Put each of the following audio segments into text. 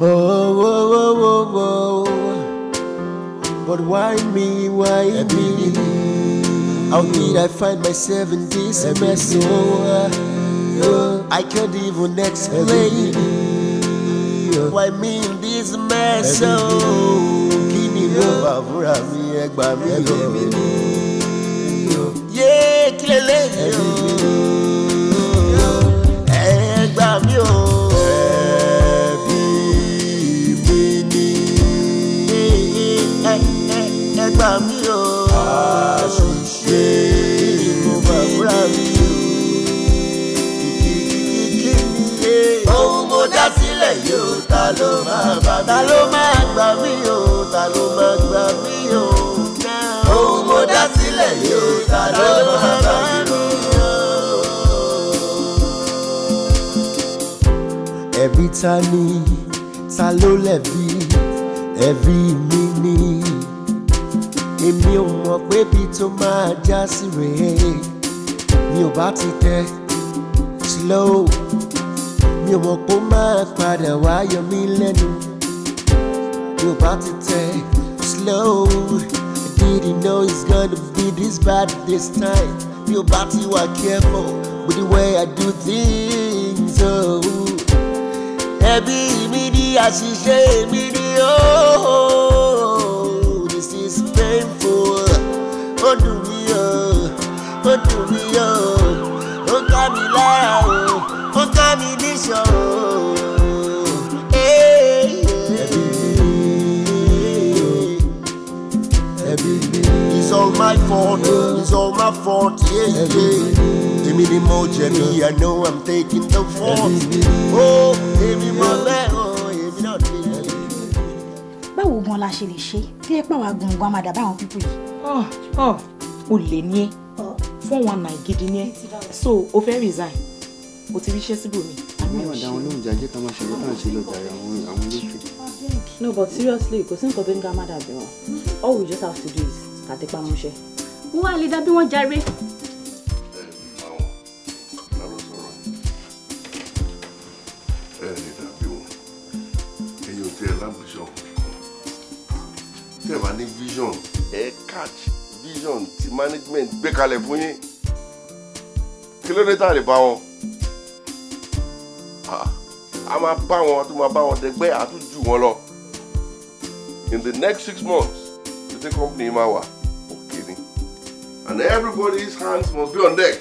oh, oh, oh, oh oh, But why me, why me? How did I find myself in this mess? Oh, I can't even explain why me in this mess. Oh, kí ni mo fà fúnra mi, ẹ gbà mí o. Yeah, kí lè lè yọ. Ẹ gbà mí o. nílẹ̀ yìí o ta ló máa bá mi ta ló máa gbà mí o ta ló máa gbà mí o ohun mo dá sílẹ̀ yìí ta ló máa bá mi o. ẹ̀bi ta ni ta ló lẹ̀bi ẹ̀bi mi ni èmi ò mọ̀ pé bí tó máa já sí rèé mi ò bá ti tẹ slow. you ò mọ̀ kó máa padà wáyọ mí lẹ́nu You about to take slow I didn't know it's gonna be this bad this time you about to ti careful with the way I do things oh. ẹbí mi ní shame, me ní oh this is painful ó dùn mí ó ó dùn mí ó ó ká mi lára Oh, do me oh, oh, do me oh, oh, ka mi yọ it's all my fault it's all my fault yeah yeah èmi ni mo jẹ̀bi i know i'm taking the fault oh èmi mo lẹ oh èmi náà ti lẹ. báwo gan la ṣe lè ṣe tí ẹ pàwọn agbọ̀ngàn máa dà báwọn pípọ̀ yìí. ọ ah, ọ ah. o lè ní ẹ fún wọn náà gidi ní ẹ so o fẹ́ resign o ti ríṣẹ́ síbòmíì no but seriously because since nǹkan been ń all we just have to do is kàtẹ́pá ránṣẹ́. wọ́n Why lè dábí wọ́n Jerry? vision ẹ catch vision management gbé kalẹ̀ fún yín kí ló dé tá a lè a máa bá wọn tó máa bá wọn dẹgbẹ́ àtújù wọn lọ in the next six months the tech company máa wà òkè ni and everybody's hands must be on deck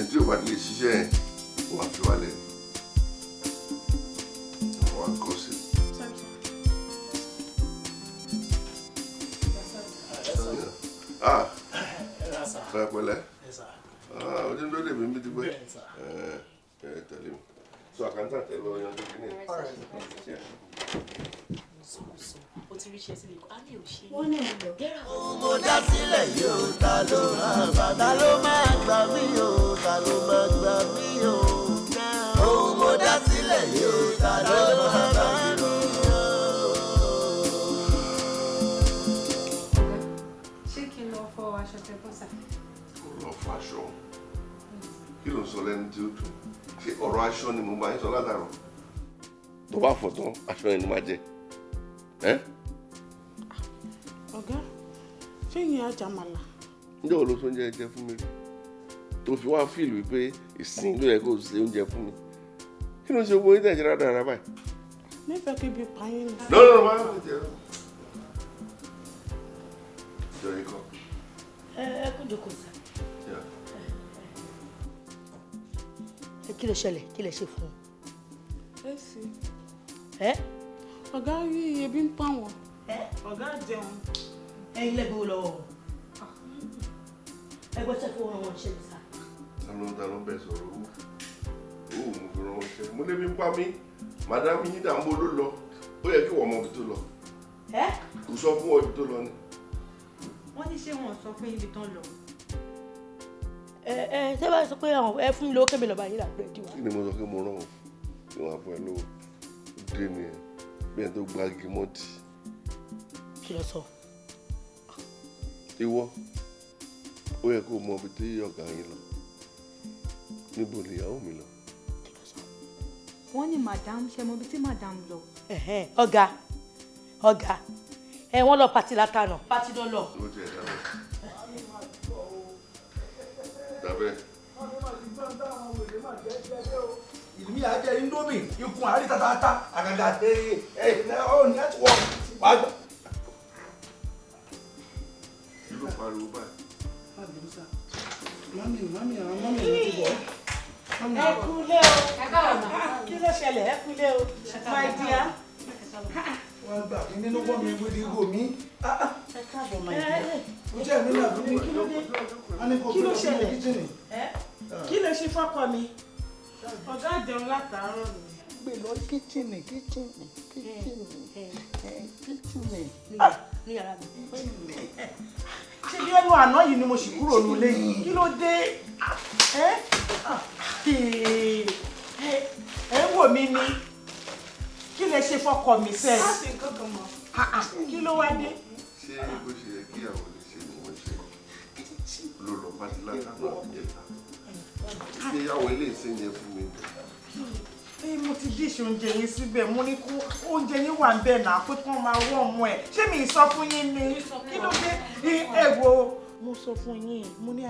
ètò ìwádìí lè ṣiṣẹ́ wọn àfi wálé ni. sọ lẹ́nu tí ó tù ṣe ọ̀rọ̀ aṣọ ni mo máa ń sọ látàrọ tó bá fọ̀ tán aṣọ yẹn ni máa jẹ. ọ̀gá ṣé ìyẹn ajamala. ǹjẹ́ o ló sọ oúnjẹ jẹ fún mi rí tó fi wá fíìlì wípé ìsìn ló yẹ kó o ṣe oúnjẹ fún mi kí ló ń ṣe owó oúnjẹ ìjẹrà dára báyìí. nífẹ̀ẹ́ kébi pààyàn ni. lọ́nà máa ń lè jẹ́ ẹ ẹ kó jókòó kí lè ṣẹlẹ̀ kí lè ṣe fún un. ẹ sì. ẹ. ọ̀gá rí ebi ń pa wọn. ẹ ọ̀gá jẹun ẹyin lẹ́gbẹ̀ẹ́ lọ́wọ́ ah. ẹgbẹ́ tẹ́ fún wọn ṣe ní sá. dáná dáná bẹ̀ sọ̀rọ̀ owó owó mo fi ràn ṣe mo lébi ń pa mí màdámù yín dà ń bolo lọ ó yẹ kí wọ́n mọ ibi tó lọ. ẹ. kò sọ fún ọ ibi tó lọ ni. wọ́n ní ṣé wọ́n sọ fún ibi tán lọ ẹ ẹ ṣé bá sọ pé ẹ fún mi lówó kébì lọ́ba yín là búrẹ́dì wa. kí ni mo sọ pé mo rán o kí wọn fún ẹ lówó dé ni ẹ bí ẹ tó gba igi kí ló sọ. ìwọ ó yẹ kó mọ ibi tí ọ̀gá yín lọ níbo ni ìyàwó mi lọ. wọ́n ní madam ṣe mọ ibi tí madam lọ. ọ̀gá ọ̀gá ẹ wọ́n lọ pàtí látànà. pàtí ló lọ. ó dábẹ́. ìlú yà á jẹ indomi ikun àárí tatata àgàgà ẹ ẹ ọ nẹtíwọ̀kì wàá gbà. kí ló pariwo báyìí. mami mami àwọn mami ló ti bọ̀ ẹ kúlé o ah, kí ló ṣẹlẹ̀ ẹ kúlé o my dear. wọ́n gbà mí nínú wọ́n mi wíwí gò mí ẹ káàbọ̀ máa yẹ. ó jẹ́ ìlú náà bí kí ló dé kí ló ṣẹlẹ̀ kí ló ṣe fọ́kọ mi ọ̀gá àjẹun látàárọ̀ mi. gbè lọ kíchìnì kíchìnì kíchìnì kíchìnì. ṣé bí ẹnu àná yìí ni mo sì kúrò nílé yìí kí ló dé ẹ ń wò mí ni kí lè ṣe fọ́kọ mi sẹ́ẹ̀. kí ló wá dé ṣé bó ṣe yẹ kí àwọn olè ni wọ́n ṣe ló lọ pátí látàgbà ìjẹta ìgbéyàwó ilé ìsẹ́yẹ fún mi. ẹ mo ti díṣe oúnjẹ yín síbẹ̀ mo ní kó oúnjẹ yín wà ń náà pé kí wọ́n máa wọ́ ọmọ ẹ̀ ṣé mi sọ fún yín ni kí ló dé ẹ wo mo sọ fún yín mo ní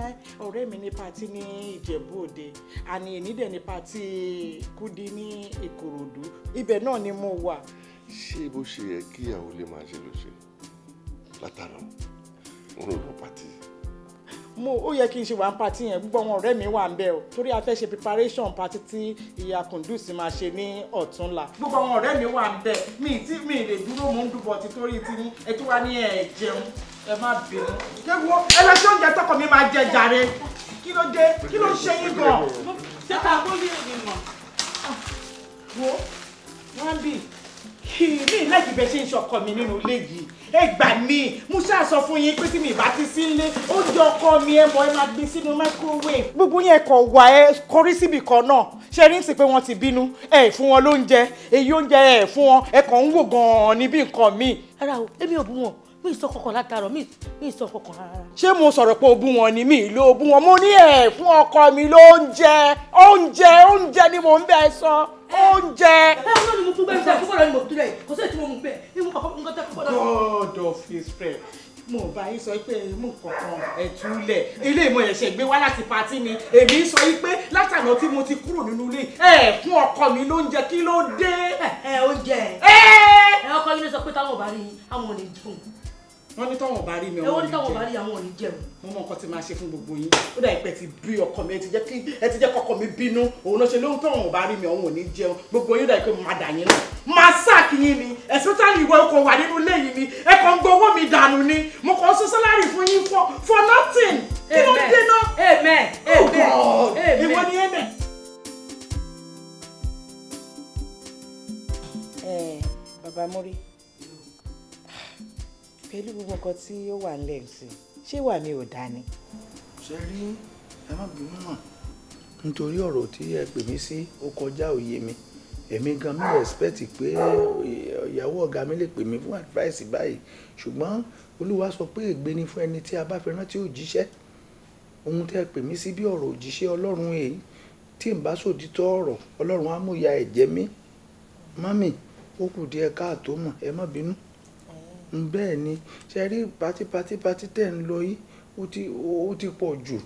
ọ̀rẹ́ mi ní patí ní ìjẹ̀bú òde àní ìnídẹ̀ ní patí kúdi ní ìkòròdú ibẹ̀ náà ni mo wà. ṣé bó ṣe yẹ kíyàwó lè máa ṣe ló látàárọ̀ mo rò lọ pàtí. mo ó yẹ kí n ṣe wà ń pàtí yẹn gbogbo àwọn ọ̀rẹ́ mi wà ń bẹ̀ o torí a fẹ́ ṣe preparation pàtí tí ìyá Kundus máa ṣe ní ọ̀túnla. gbogbo àwọn ọ̀rẹ́ mi wà ń bẹ̀ mi tí mi lè dúró mo ń dúbọ̀ ti torí ti ní ẹ tó wá ní ẹ jẹun ẹ má bínú. kéwọ́ ẹ lọ sí oúnjẹ tọkọ mi máa jẹ jàre kí ló dé kí ló ṣe yín gan. ṣé ká bó yé mi mọ̀. wo wọ́n bì mi láti bẹ ṣe ń ṣọkọ mi nínú ilé yìí ẹ gbà mí mo ṣáà sọ fún yín pé tí mi bá ti sí ilé oúnjẹ ọkọ mi ẹ mọ ẹ máa gbé sínú microwave. gbogbo yẹn kàn wá ẹ kọrí síbì kan náà ṣe rí sí pé wọ́n ti bínú ẹ fún wọn lóúnjẹ èyí oúnjẹ ẹ fún wọn ẹ kàn ń wò gan-an níbi nǹkan mi. ara o èmi ò bú wọn mi sọ kọkàn látàrọ mi mi sọ kọkàn rárá. ṣé mo sọ̀rọ̀ pé o bú wọn ni mi ló bú wọn mo ní ẹ fún ọkọ mi lóúnjẹ oúnjẹ oúnjẹ ni mò ń bẹ sọ oúnjẹ. ẹ̀rọ náà ni mo fún bẹ́ẹ̀ bẹ́ẹ̀ fúnbọ̀lọ́ ni mo tún lẹ̀ kò sí ètò mo bẹ̀ ní mo kàn fún kọ́tà God of Israel mo bá yín sọ pé mú nǹkan ẹ̀túlẹ̀ ilé ìmọ̀ ẹ̀ṣẹ̀ gbé wá láti patí mi èmi sọ pé látàná tí mo ti kúrò nínú ilé ẹ̀ fún ọkọ mi lóúnjẹ kí ló dé. ẹ oúnjẹ ẹ ọkọ yín ló sọ pé táwọn ò bá rí àwọn ò lè jẹun wọ́n ní tọ́wọ̀n bá rí mi àwọn ò ní jẹun mo mọ nǹkan tí máa ṣe fún gbogbo yín ó dà ìpẹ́ ti bí ọkọ mi ẹ ti jẹ́ kọkọ mi bínú òun náà ṣe lóhun tọ́wọ̀n bá rí mi àwọn ò ní jẹun gbogbo yín ó dà mo máa dà yín náà máa sáàkì yín ni especially ìwọ ọkọ̀ wà nínú ilé yìí ni ẹ kàn ń gbọ́ owó mi dànù ni mo kàn ń sọ sálárì fún yín for nothing kí pẹ̀lú gbogbo nǹkan tí ó wà ń lẹ́yìn sí ṣé wà mí ò dá ni. ṣe rí ẹ má bínú mọ́ nítorí ọ̀rọ̀ tí ẹ pè mí sí ó kọjá òye mi èmi gan mi respect pé ìyàwó ọ̀gá mi lè pè mí fún advice báyìí ṣùgbọ́n olúwa sọ pé ègbé ni fún ẹni tí a bá fi rántí òjíṣẹ́ ohun tẹ́ ẹ pè mí sí bí ọ̀rọ̀ òjíṣẹ́ ọlọ́run èyí tí n bá sòdítọ́ ọ̀rọ̀ ọlọ́run á mú ìyà ẹ̀jẹ̀ mi mami ó kù díẹ̀ káàtó mọ̀ ẹ má bínú bẹ́ẹ̀ ni ṣe rí pátí pátí pátí tẹ̀ ń lọ yìí ó ti ó ti pọ̀ jù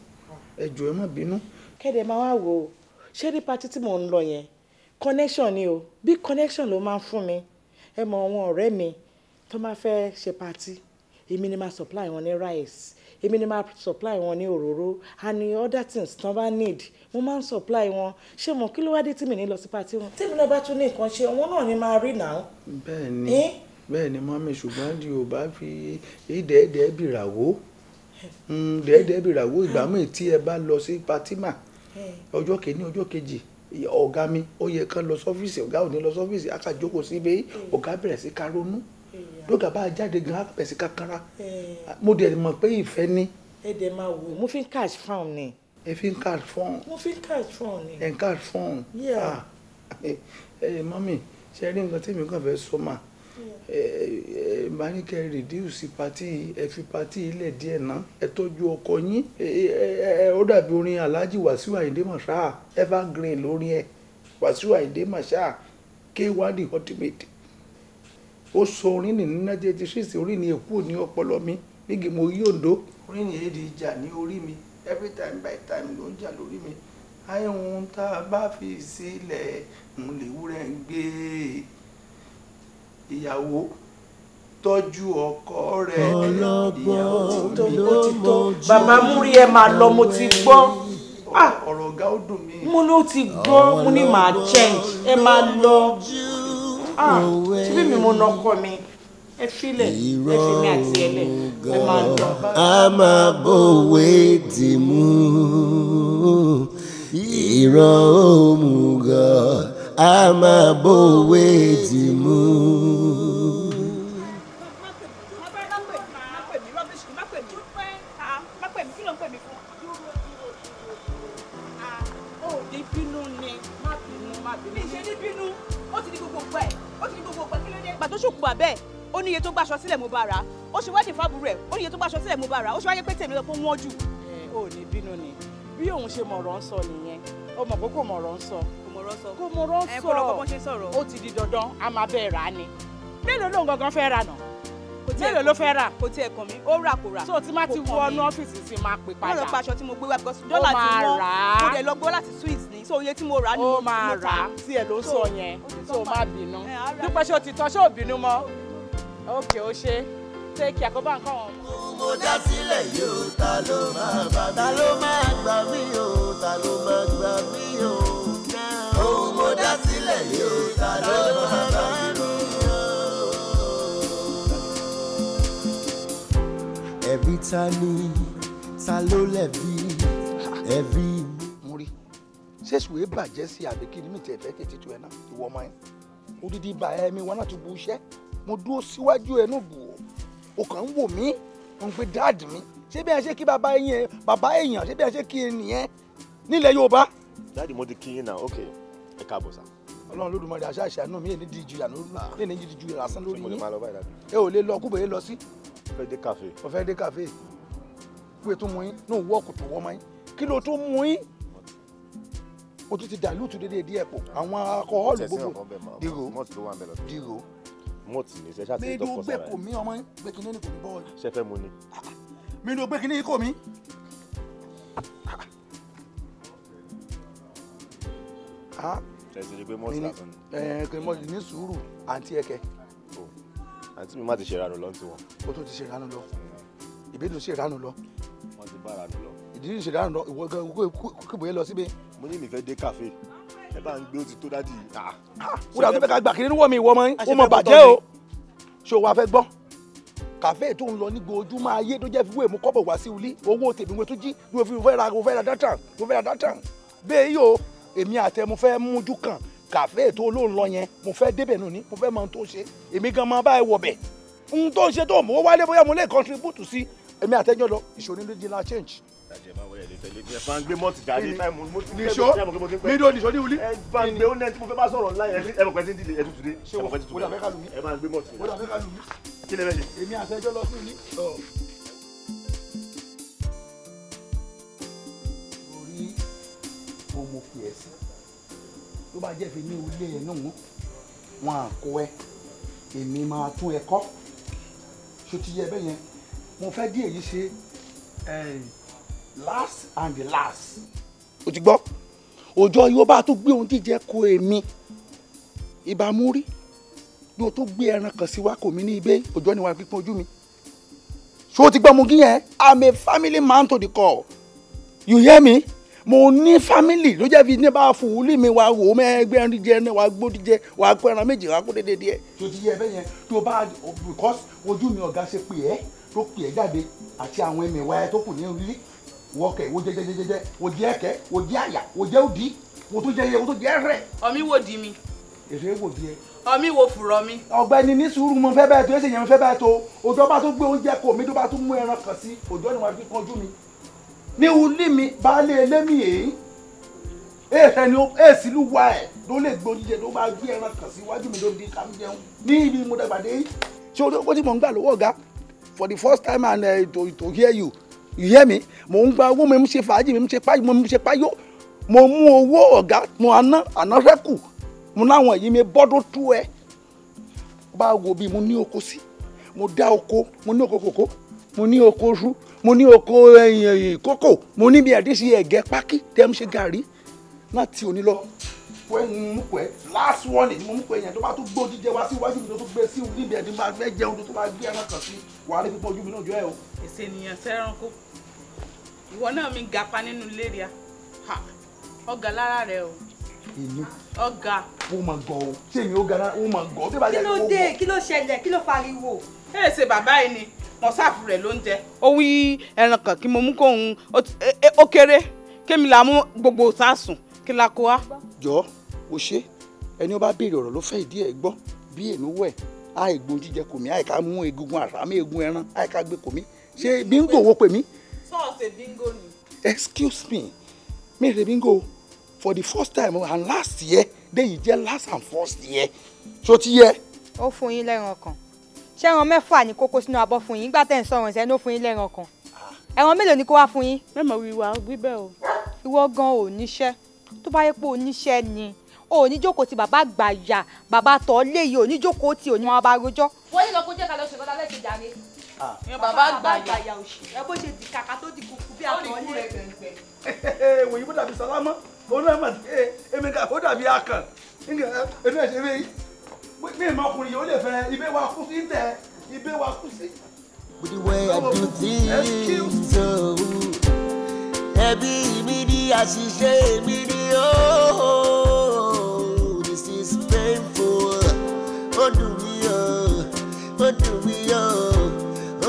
ẹ jọ̀ọ́ ẹ má bínú. kéde máa wá wò ṣé rí pátí tí mò ń lọ yẹn connection ni o bí connection ló máa ń fún mi ẹ mọ àwọn ọ̀rẹ́ mi tó máa fẹ́ ṣe pátí èmi ni máa supply wọn ní rice èmi ni máa supply wọn ní òróró and other things tán bá need mo máa ń supply wọn ṣé mo kí ló wá dé tí mi ní lọ sí pátí wọn tí mi náà bá tún ní nǹkan ṣe òun náà ni máa rí náà. bẹ́ẹ̀ Eh? bẹ́ẹ̀ ni mọ́mí ṣùgbọ́n di ò bá fi ìdẹ́ẹ̀dẹ́ bìràwó hmm, dẹ́ẹ̀dẹ́ bìràwó ìgbàmú tí ẹ bá lọ sí Fatima ọjọ́ kìíní ọjọ́ kejì ọ̀gá mi ó yẹ kán lọ sọ́fíìsì ọ̀gá ò ní lọ sọ́fíìsì á kà jókòó síbẹ̀ ọ̀gá bẹ̀rẹ̀ sí ká ronú lóga bá jáde gan á bẹ̀rẹ̀ sí ká kanra mo dẹ̀ mọ̀ pé ìfẹ́ ni. ẹ dẹ̀ máa wò mo fi ń cash fún ni. ẹ fi ń cash fún. mo fi ń cash fún ni. ẹ ń cash fún. Ah, ẹ mọ́mì ṣe rí nǹkan tí mi kàn fẹ́ sọ máa ẹ máa ní kẹ́ rìdíùsì pati ẹ fi pati ilẹ̀ díẹ̀ ná ẹ tọ́jú ọkọ yín ẹ ó dàbí orin Alhaji Wasiu Ayinde Marshal evergreen lórí ẹ Wasiu Ayinde Marshal K1 the ultimate ó sọ orin ní ní nájẹ ti ṣèṣì orin ní èkó ní ọpọlọ mi nígi mo yí òǹdó orin ní èdè ìjà ní orí mi every time by time ló ń jà lórí mi àìhun tá a bá fi sílẹ̀ ń lè wúrẹ́ ń gbé e ìyàwó tọ́jú ọkọ rẹ̀ ìyàwó ti tó bàbá múrí ẹ máa lọ mo ti gbọ́ ah! ọ̀rọ̀ ọ̀gá ó dùn mí. mo ló ti gbọ́ mo ní màá change ẹ máa lọ síbí ah! mi mo nà ọkọ mi ẹ filẹ̀ ẹ fi mi àti ẹ ẹ máa lọ. a máa bọ̀wé dì mú ìrọ̀ òmùgọ̀ a máa bòwe tì mú. ó ní iye tó gbàṣọ sílẹ̀ mo bá rà ó ṣe wádìí fábùrù ẹ̀ ó ní iye tó gbàṣọ sílẹ̀ mo bá rà ó ṣe wáyé pé tèmi lọ fún jù. ẹ ò ní bínú ni bí òun ṣe mọ̀rọ̀ ń sọ nìyẹn ó mọ̀ pé mọ̀rọ̀ ń sọ ọ̀rọ̀ sọ. kò sọ ẹ kó ṣe sọ̀rọ̀. ó ti di dandan a máa bẹ́ẹ̀ rà á ni mélòó ló ń gangan fẹ́ rà náà mélòó ló fẹ́ rà. kò tiẹ̀ kàn mí ó rà kò rà. so tí má ti wọ ọnú ọ́fíìsì sí máa pè padà. mo lọ paṣọ tí mo gbé wá because dọ́là ti wọ́n mo dẹ̀ lọ gbọ́ láti sweet ni so iye tí mo rà ni mo ta. ó máa rà á tí ẹ ló sọ yẹn so má bínú dúpẹ́ ṣé o ti tọ́ ṣé ò bínú mọ́ okay ó ṣe ṣe kí àkóbá nǹkan mo dá sílẹ̀ yóò ta ló máa gbà mí o ta ló máa gbà mí o ẹ̀bi ta ni ta ló lẹ̀bi ẹ̀bi. mo rí ṣéṣù ẹ bàjẹ́ sí àbí kí nímìtì ẹ̀fẹ́ tètè tu ẹ̀ náà ìwọ ọmọ yẹn odidi bá ẹ mi wọn láti bu iṣẹ́ mo dúró síwájú ẹ náà bù ọ́ o kàn ń wò mí ń pe dáàdì mi ṣé bí a ṣe kí bàbá yẹn bàbá èèyàn ṣé bí a ṣe kí ẹ nìyẹn nílẹ̀ Yorùbá. dáàdì mo ti kí yín náà ok ẹ káàbọ̀ sáà. Ọlọ́run lódùmarè àṣà àṣàánú mi èyí díjú yàrá lórí èyí díjú yàrá sán lórí yín ẹ ò lè lọ kúbọ̀ yé lọ sí. ọfẹ dé kàfé. ọfẹ dé kàfé kúwe tó mú yín náà wọ́ọ̀kù tó wọ́ mọ́ yín kí ló tó mú yín o tún ti dilute dédé díẹ̀ pọ̀ àwọn alcohol gbogbo dìrò dìrò mọ́ọ̀tì ní sẹ́ṣà tí dọ́kọ̀ sára ẹ̀. mi ló gbé kò mí ọmọ gbé kinní ni kò ní bọ́ọ̀lù. sẹ́fẹ̀ mu ni. mi ló gbé kinní kò mí. Ah ẹsẹ̀ ṣe pé ni. ẹ kò mọ́tì ní sùúrù àǹtí ẹ̀kẹ́. àǹtí mi má ti ṣe ìranù lọ ní tiwọn. ó tún ti ṣe ìranù lọ ìbédùn ṣe ìranù lọ. wọ́n ti bá ìranù lọ. ìdílé ṣe ìranù lọ ìwọ gan kébòye lọ síbi. mo ní ìfẹ́ dé káfé ẹ bá ń gbé ó ti tó dádì. ó dà tó fẹ́ ká gbà kiri níwọ̀ mi ìwọ mọ́ ó mọ bàjẹ́ o ṣé o wàá fẹ́ gbọ́ kàfé tó ń lọ ní gbojúmọ́ ayé tó jẹ́ fi wéèmú kọ́bọ̀ wá sí ulí owó tèmi wo tó jí ni mo fi fẹ́ ra dátà mo fẹ́ ra dátà bẹ́ẹ̀ èmi àtẹ mo fẹ́ mójú kan kàfé ètò olóhùn lọ yẹn mo fẹ́ débẹ̀ nù ní mo fẹ́ mọ ohun tó ń ṣe èmi gan máa bá ẹ wọ̀ bẹ̀ ohun tó ń ṣe tó mọ̀ wálé bóyá mo lè contribute sí èmi àtẹjọ́ lọ ìṣòro ló di change. ìdájẹ́ máa wọlé ẹ̀dẹ́ tẹ́lẹ̀ bí ẹ fà kí lè bẹ́ẹ̀ ṣe. èmi àtẹjọ́ lọ sí ilé. mo fi ẹ̀ sí ló bá jẹ́ fi ní ilé ẹ̀ náà wọn à kó ẹ èmi máa tún ẹ kọ́ ṣó ti yẹ mo fẹ́ dí èyí ṣe eh, last and the last. o ti gbọ́ òjò yóò bá tún gbé ohun jíjẹ kó èmi ìbámu rí bí o tún gbé ẹran kan sí wa kò mí ní ibẹ̀ òjò ni wà pípọ́n ojú mi ṣó o ti gbọ́ mu kí yẹn i'm a family man to the core you hear me mo ní fámìlì ló jẹ́ fi ní bá fòwúlì mi wá wò ó mẹ́ẹ̀ẹ́gbẹ́ rí jẹ ní wàá gbódì jẹ wàá pẹ́ ẹran méjì wàá kó dédé díẹ̀. tó ti yẹ ẹ bẹ́ẹ̀ yẹn tó bá because ojú mi ọ̀gá ṣe pè ẹ́ tó pè ẹ́ jáde àti àwọn ẹ̀mí wa ẹ tó kù ní orí wọ́kẹ̀ wo jẹjẹjẹjẹ wo jẹ ẹ̀kẹ́ wo jẹ àyà wo jẹ òdì wo tó jẹ ẹyẹ wo tó jẹ ẹrẹ. ọ̀mí wo di mi. èrè wo di ẹ. ọ̀mí wo fùrọ̀ mi. ọ̀gbẹ́ni ní sùúrù mo fẹ́ bẹ́ẹ̀ tó ẹ̀sẹ̀ yẹn mo fẹ́ bẹ́ẹ̀ tó òjò bá tó gbé oúnjẹ kò mí tó bá tó mú ẹran kàn sí òjò ni wàá fi mi ní ulimi baálé elémi èyí èèfẹ ni èsì ló wá ẹ ló lè gbó jíjẹ ló máa gbé ẹran kàn síwájú mi ló di ká mi jẹun ní ibi mo dàgbà dé ṣé o owó tí mò ń gbà lọ́wọ́ for the first time and uh, to, to hear you you hear me mò ń gba owó mi mo ṣe fàájì mi mo ṣe páyò mo ṣe páyò mo mú owó ọ̀gá mo àná àná rẹ́kù mo láwọn èyí mi bọ́dọ̀ tú ẹ bá wo bí mo ní oko sí mo dá oko mo ní oko kòkó mo ní oko ṣú mo ní oko eh, kókò mo ní bí àdísí ẹ̀gẹ́ pákí tẹ́ ń ṣe gàrí láti òní lọ. pẹ́ ń mú pẹ́ last warning mo mú pẹ́ yẹn tó bá tún gbó jíjẹ wá sí iwájú mi tó tún gbé sí níbi ẹ̀dín máa fẹ́ jẹun tó tún máa gbé ẹran kan sí wàá rí pípọ́ ojú mi náà jọ ẹ o. èsì ènìyàn sẹ́ranko ìwọ náà mi gapa nínú léria ọ̀gá lára rẹ o èmi. ọ̀gá. ó máa gọ̀ ọ́ sẹ́yìn ó gara ó máa gọ̀ ọ́ bí bá ni wọ́n ṣàfù rẹ̀ lóúnjẹ. ó wí ẹran kan kí mo mú kóun ó kéré kémi là á mú gbogbo sásùn kí la kó wa. jọ o ṣe ẹni ó bá béèrè ọ̀rọ̀ ló fẹ́ ìdí ẹ̀ gbọ́ bí èmi wẹ̀ àìgbọ́n jíjẹ kò mí àìká mú egungun àràmé egun ẹran àìká gbé kò mí ṣé bíngò wo pè mí. sọ́ọ̀sì bíngò ni. excuse me mi rè bíngò for the first time and last year déyìí jẹ́ last and first year ṣó ti yẹ. ó fún yín lẹ́ran kan ṣé ẹran mẹ́fà ni kókó sínú abọ́ fún yín nígbà tẹ̀ ń sọ̀rọ̀ ìṣẹ́ ló fún yín lẹ́ran kan ẹran mélòó ni kó wá fún yín. mẹ́mọ̀ wíwá wíbẹ̀ o. ìwọ gan ò níṣẹ́ tó bá yẹ pé oníṣẹ́ ni o ní jókòó ti bàbá gbàyà bàbá tọ́ léyìí o ní jókòó ti òní wọn bá rojọ́. wọ́n yìí lọ kó jẹ́ ká lọ ṣèkọ́ta lẹ́sìn jàre. bàbá gbàyà ẹ bó ṣe di kàkà tó di kùkù bí àtọ́ ní rẹ̀. wòyí mi ìmọ̀ ọkùnrin yìí ó lè fẹ́ ibẹ̀ wa kú sí tẹ̀ ibẹ̀ wa kú sí. with the way I do things so oh, ẹbí mi ni àṣìṣe mi ni ooo oh, this is painful ó dùn mí o oh, ó dùn mí o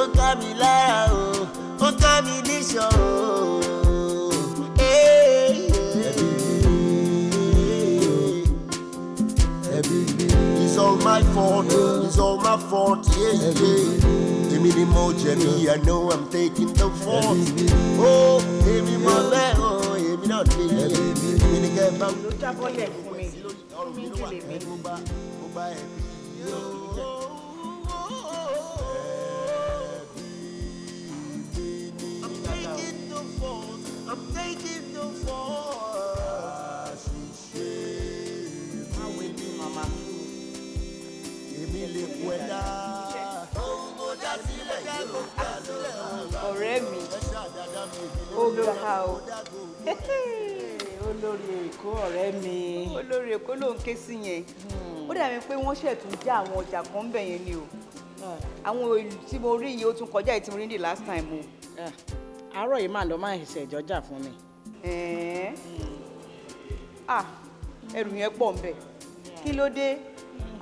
ó ká mi lára o ó ká mi níṣọ́ o. my fault, it's all my fault, yeah, yeah. Give me the more me. I know I'm taking the fault. Oh, give me my man, oh, give me that thing. Give me the guy back. Ló jábọ́lẹ̀ fún mi, mi give me the bá ẹ̀ ọ̀rẹ́ mi ó ga o olórí èkó ọ̀rẹ́ mi. olórí èkó ló ń ké sí yẹn hmm. ó dàbí pé wọ́n ṣẹ̀ tún já àwọn ọjà kan ń bẹ̀ yẹn ni o hmm. àwọn ìlú tí mo rí yìí ó tún kọjá ìtí mo rí ní last time o. Hmm. àárọ̀ yìí máa lọ máa ṣẹ̀ṣẹ̀ ìjọjà fún mi. ẹ̀ẹ́n ah ẹrù yẹn pọ̀ ń bẹ̀ kí ló dé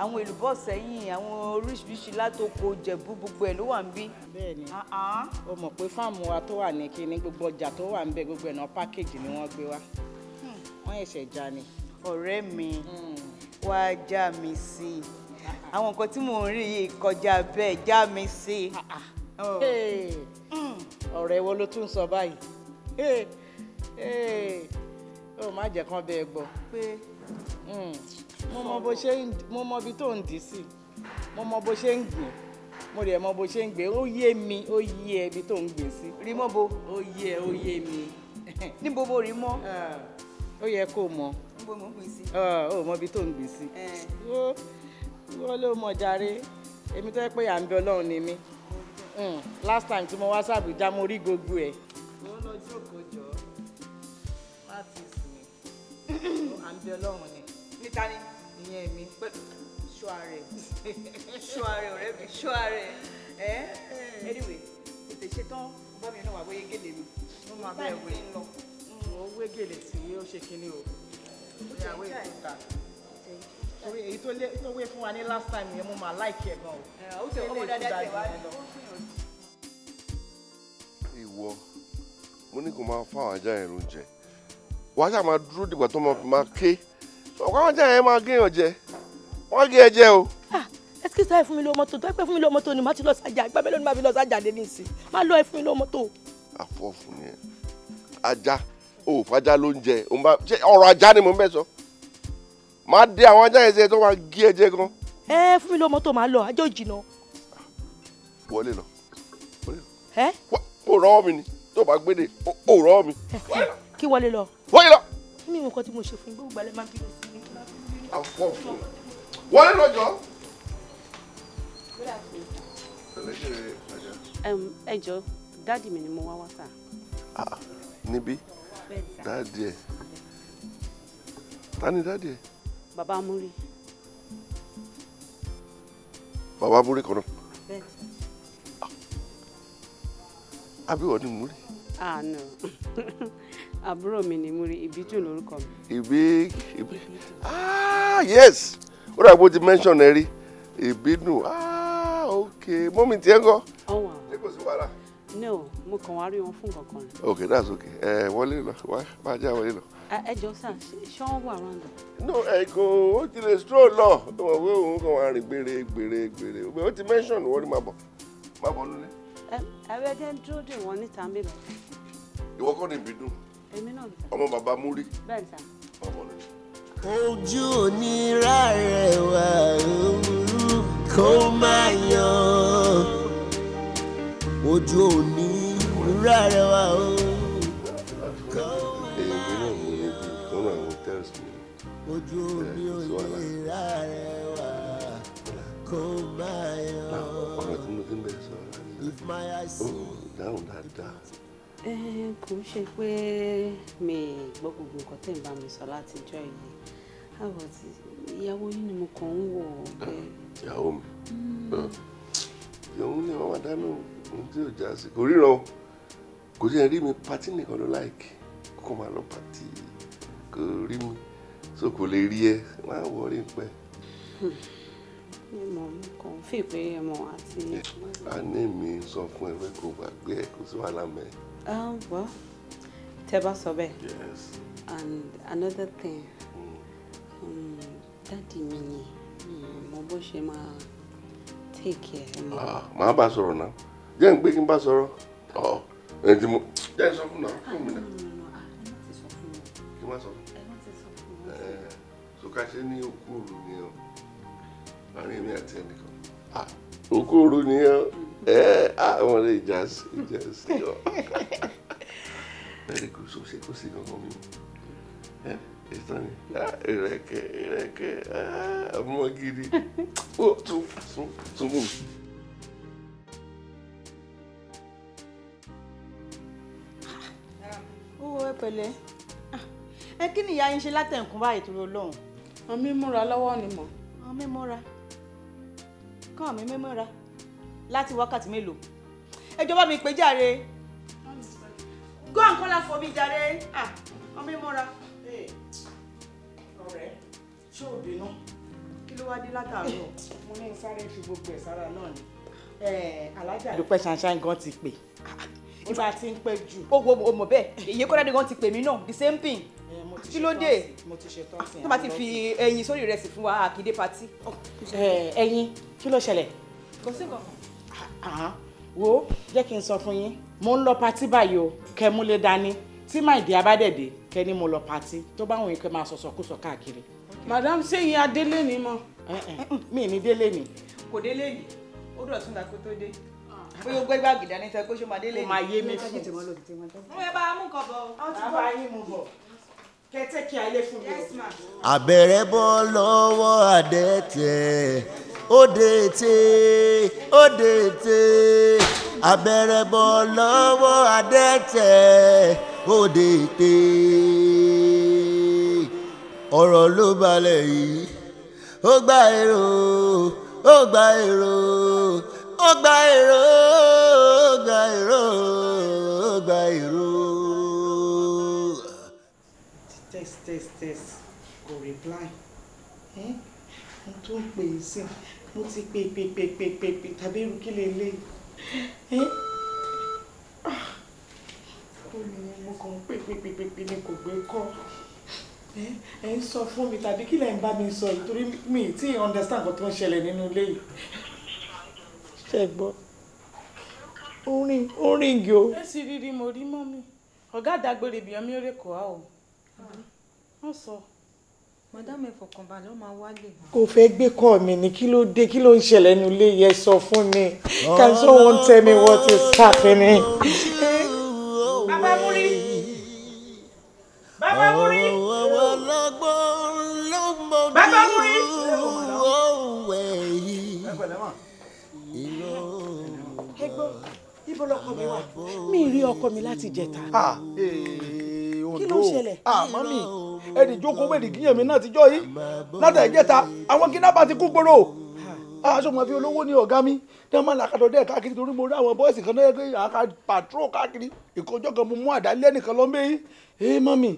àwọn èlùbọ́ sẹ́yìn àwọn oríṣiríṣi látòkò jẹ̀bú gbogbo ẹ̀ ló wà ń bí. bẹ́ẹ̀ni uh-huh. o mọ̀ pé fáàmù wa tó wà ní kíní gbogbo ọjà tó wà ń bẹ gbogbo ẹ̀ pákéjì ni wọ́n gbé wá hmm. wọ́n ẹ̀ṣẹ̀ já ni. ọ̀rẹ́ mi hmm. wàá já mi sí i àwọn nǹkan tí mò ń rí yìí kọjá bẹ́ẹ̀ já mi sí i. Oh. Hmm. ọ̀rẹ́ wo ló tún sọ báyìí ó oh, má jẹ́ kán bẹ́ẹ̀ gbọ́ mo mọ bó ṣe ń mo mọ ibi tó ń dì sí mo mọ bó ṣe ń gbìn mo rẹ̀ mọ bó ṣe ń gbé ó yé mi ó yé ẹ ibi tó ń gbìn sí rí mọ́ bo ó yé ẹ ó yé mi ní gbogbo rí mọ́ ó yẹ kó mọ níbo mo gbìn sí ó mọ ibi tó ń gbìn sí wọ́n ló mọ jàre èmi tó yẹ pé à ń bẹ ọlọ́run ni mí hmm, last time tí mo wá sàbújá mo rí gbogbo ẹ̀. wọ́n lọ jókòó jọ láti sìn à ń bẹ ọlọ́run ni níta ni ìyẹn mi pẹ̀lú ṣọ́ọ̀rẹ́ ṣọ́ọ̀rẹ́ ọ̀rẹ́ mi ṣọ́ọ̀rẹ́ ẹ́ hmm. anyway tètè ṣetán bá mi náà wà wọ́n yégele mi. wọ́n máa bẹ́ẹ̀ wé lọ. wọ́n wégele tí ó ṣe kinní o. ìyàwó ìkúta torí èyí tó wé fún wa ní last time yẹn mo máa láìkí ẹ̀ gan o. ó tẹ ọmọ dáadáa tẹ wá lọ. ìwọ mo ní kó máa fáwọn ajá ẹ̀rù jẹ wàá ṣáà máa dúró dìgbà tó máa ké ọ̀pọ̀ àwọn jẹ́ àyẹ̀mọ́ gíyàn jẹ wọ́n gé ẹ jẹ o. Ah, ẹsikí sáà fún mi lówó mọ́tò tó ẹ pé fún mi lówó mọ́tò ni màá ti lọ sájà ìgbà mélòó ni màá fi lọ sájà dé nísìn má lọ ẹ fún mi lówó mọ́tò. àfọ̀fù ni ẹ ajá ò fàjà ló ń jẹ ọ̀rọ̀ ajá ni mò ń bẹ̀ sọ máa dé àwọn ajá yẹn sí ẹ tó máa gé ẹ jẹ gan. ẹ fún mi lówó mọ́tò máa lọ ajá ò jìnnà. wọlé lọ wọlé lọ. ẹ. kò rọ́ọ̀ mi ni tó bá gbé mi ò tí mo ṣe fún gbogbo alẹ́ máa bínú sí mi. àpọ̀ fún wọlé lọ́jọ́. ẹ jọ dáàdì mi ni mo wá wá sà. níbí dáàdì ẹ ta ni dáàdì ẹ. bàbá múri. bàbá múri kan àbí wọ́n ni múri. ah no. àbúrò mi ni Muri Ìbídùn lórúkọ mi. Ìbí Ìbí ah yes ó dàgbà bó ti mention ẹ rí Ìbídùn ah ok mọ́mí tiẹ̀ kọ́. ọ̀wà ṣé kò sí wàhálà. no mo kàn wá rí wọn fún kankan ok that's ok ẹ wọlé lọ wá máa já wọlé lọ. ẹ jọ sá ṣé wọn wà rọndọ. no ẹ̀gùn ó ti lè stroll lọ ó wọ pé òun kàn wá rìn gbére gbére gbére ó ti mention wọ́n ní máa bọ̀ máa bọ̀ lólé. ẹ ẹ bẹ jẹ́ dúró dè wọ́n níta mi lọ. ìwọ kọ́ ni Ìbídùn ọmọ bàbá múrí. ojú onírà rẹ̀ wà òwúrú kó máa yan ojú ah, onírà rẹ̀ wà òwúrú kó máa yan wà kó máa yan. ọ̀rọ̀ tí mo ti kò ń ṣe pé mi gbọ́ gbogbo nǹkan tẹ̀ ń bá mi sọ látijọ́ yìí àbọ̀ tí ìyàwó yìí ni mo kàn ń wò ó ìyàwó mi òun hmm. ni wọn máa dáná ohun tí ò já sí kò ríran o kò jẹ́ rí mi patí nìkan ló láìkì kó máa lọ patí kò rí mi so kò lè rí ẹ máa wọrí pẹ́. Hmm mímọ̀ a ní mi sọ fún ẹ kò gbàgbé ẹ kò sí wàhálà mẹ. Ah, well tẹ bá sọ bẹ́ẹ̀. yes. and another thing mm. um, dáàdi mi ni mo bó ṣe máa take care. Ah, màá bá sọ̀rọ̀ náà jẹ́ ń pé kí n bá sọ̀rọ̀ ọ̀ ẹ̀ tí mo jẹ́ sọ fún náà ah, fún mi náà. kí n má sọ fún mi. ẹ̀ ẹ̀ sọ ká ṣe ní òkúrú ni o àárín mi àti ẹnìkan okoro ni ọ ẹ àwọn lè jà sí jà sí ọ bẹ́ẹ̀ ni kò so ṣe kò sí kankan mi ẹ ìtàn ni ìrẹ̀kẹ̀ ìrẹ̀kẹ̀ ọmọ gidi ó tún tún tún mú. owó ẹ pẹ̀lẹ́ ẹ kí ni ìyá yín ṣe látẹ̀kùn báyìí torí Ọlọ́run. àmì múra lọ́wọ́ ni mọ̀. àmì múra kàn mí mímọ́ra láti wákàtí mélòó ẹ jọ̀ọ́ mi pé jàre call her for me, jàre ọmọ ah, mímọ́ra. ọ̀rẹ́ ṣé ò bínú kí ló wá dé látàárọ̀ eh. mo ní sáré fi gbogbo ẹ̀ sára náà ni eh, alájà dúpẹ́ ṣanṣan gan ti pè ìgbà tí ń pẹ́ jù. o wo o mọ̀ bẹ́ẹ̀ èyí kọ́dá gan ti pè mí náà the same thing eh, kí ló dé tó bá ti fi ẹyin sórí ìrẹsì fún wa àkìdé patí. Oh, ẹyin kí ló ṣẹlẹ̀. kò sí nǹkan. Ah, wo jẹ́ kí n sọ fún yín mo ń lọ patí báyìí o kẹ́ mú lé dání tí máìdí abádẹ́dẹ́ kẹ́ ni mo lọ patí tó bá wọn yín kẹ́ máa sọ̀sọ̀ kú sọ káàkiri. madam ṣé ìyá délé ni mo. Eh, eh, mm, mi ní délé ni. kò délé yìí ó dọ̀ tún dàkú tó dé ah. bóyá ó gbé gbàgìdá ní sẹ́kó ṣó máa délé yìí. ó máa yé mi fún un. wọ́n yẹ bá a mú nǹkan bọ̀. wọ́n ti bá a yín mu bọ̀ kẹtẹkẹ ayé fún mi. àbẹ̀rẹ̀ bọ́ lọ́wọ́ àdẹ́tẹ̀ òde ètè òde ètè àbẹ̀rẹ̀ bọ́ lọ́wọ́ àdẹ́tẹ̀ òde ètè ọ̀rọ̀ ló balẹ̀ yìí ó gba èrò ó gba èrò ó gba èrò ó gba èrò ó gba èrò. tó ń pè é sí mo ti pè pè pè pè pè pè tàbí irú kí lè lè ẹ́ ah! ó ní mo kàn pè pè pè pè pè ni kò gbé kọ́ ẹ ń sọ fún mi tàbí kí lẹ ń bá mi sọ nítorí mi tí understand nǹkan tó ń ṣẹlẹ̀ nínú ilé yìí ṣe gbọ́ orin orin gi o. ẹ sì rírí mo rí mọ́ mi ọ̀gá àdágbére bìyànmí ó rè kọ́ á o sọ. So kò fẹ́ gbé kọ́ mi ni kí ló dé kí ló ń ṣẹlẹ̀ nínú ilé yẹn sọ fún mi can someone tell me what is happening. bàbá múrí bàbá múrí bàbá múrí. ẹgbọ́n ibo lọkọ mi wà mi rí ọkọ mi láti jẹta ah, eh, kí ló ń ṣẹlẹ̀. ah mami ẹnì jókòó wẹ̀lì kíyàn mi náà ti jọ yìí látà ìjẹta àwọn kidnapper ti kú gbòòrò aṣọ mọ̀ fi olówó ní ọ̀gá mi tí wọ́n làkàtọ̀ dẹ́ káàkiri torí mo rí àwọn bọ́ọ̀sì kan náà yẹ ká patrol káàkiri ìkọjọ́ kan mo mú àdálẹ́ nìkan lọ́mọ èyí ẹ mọ́mì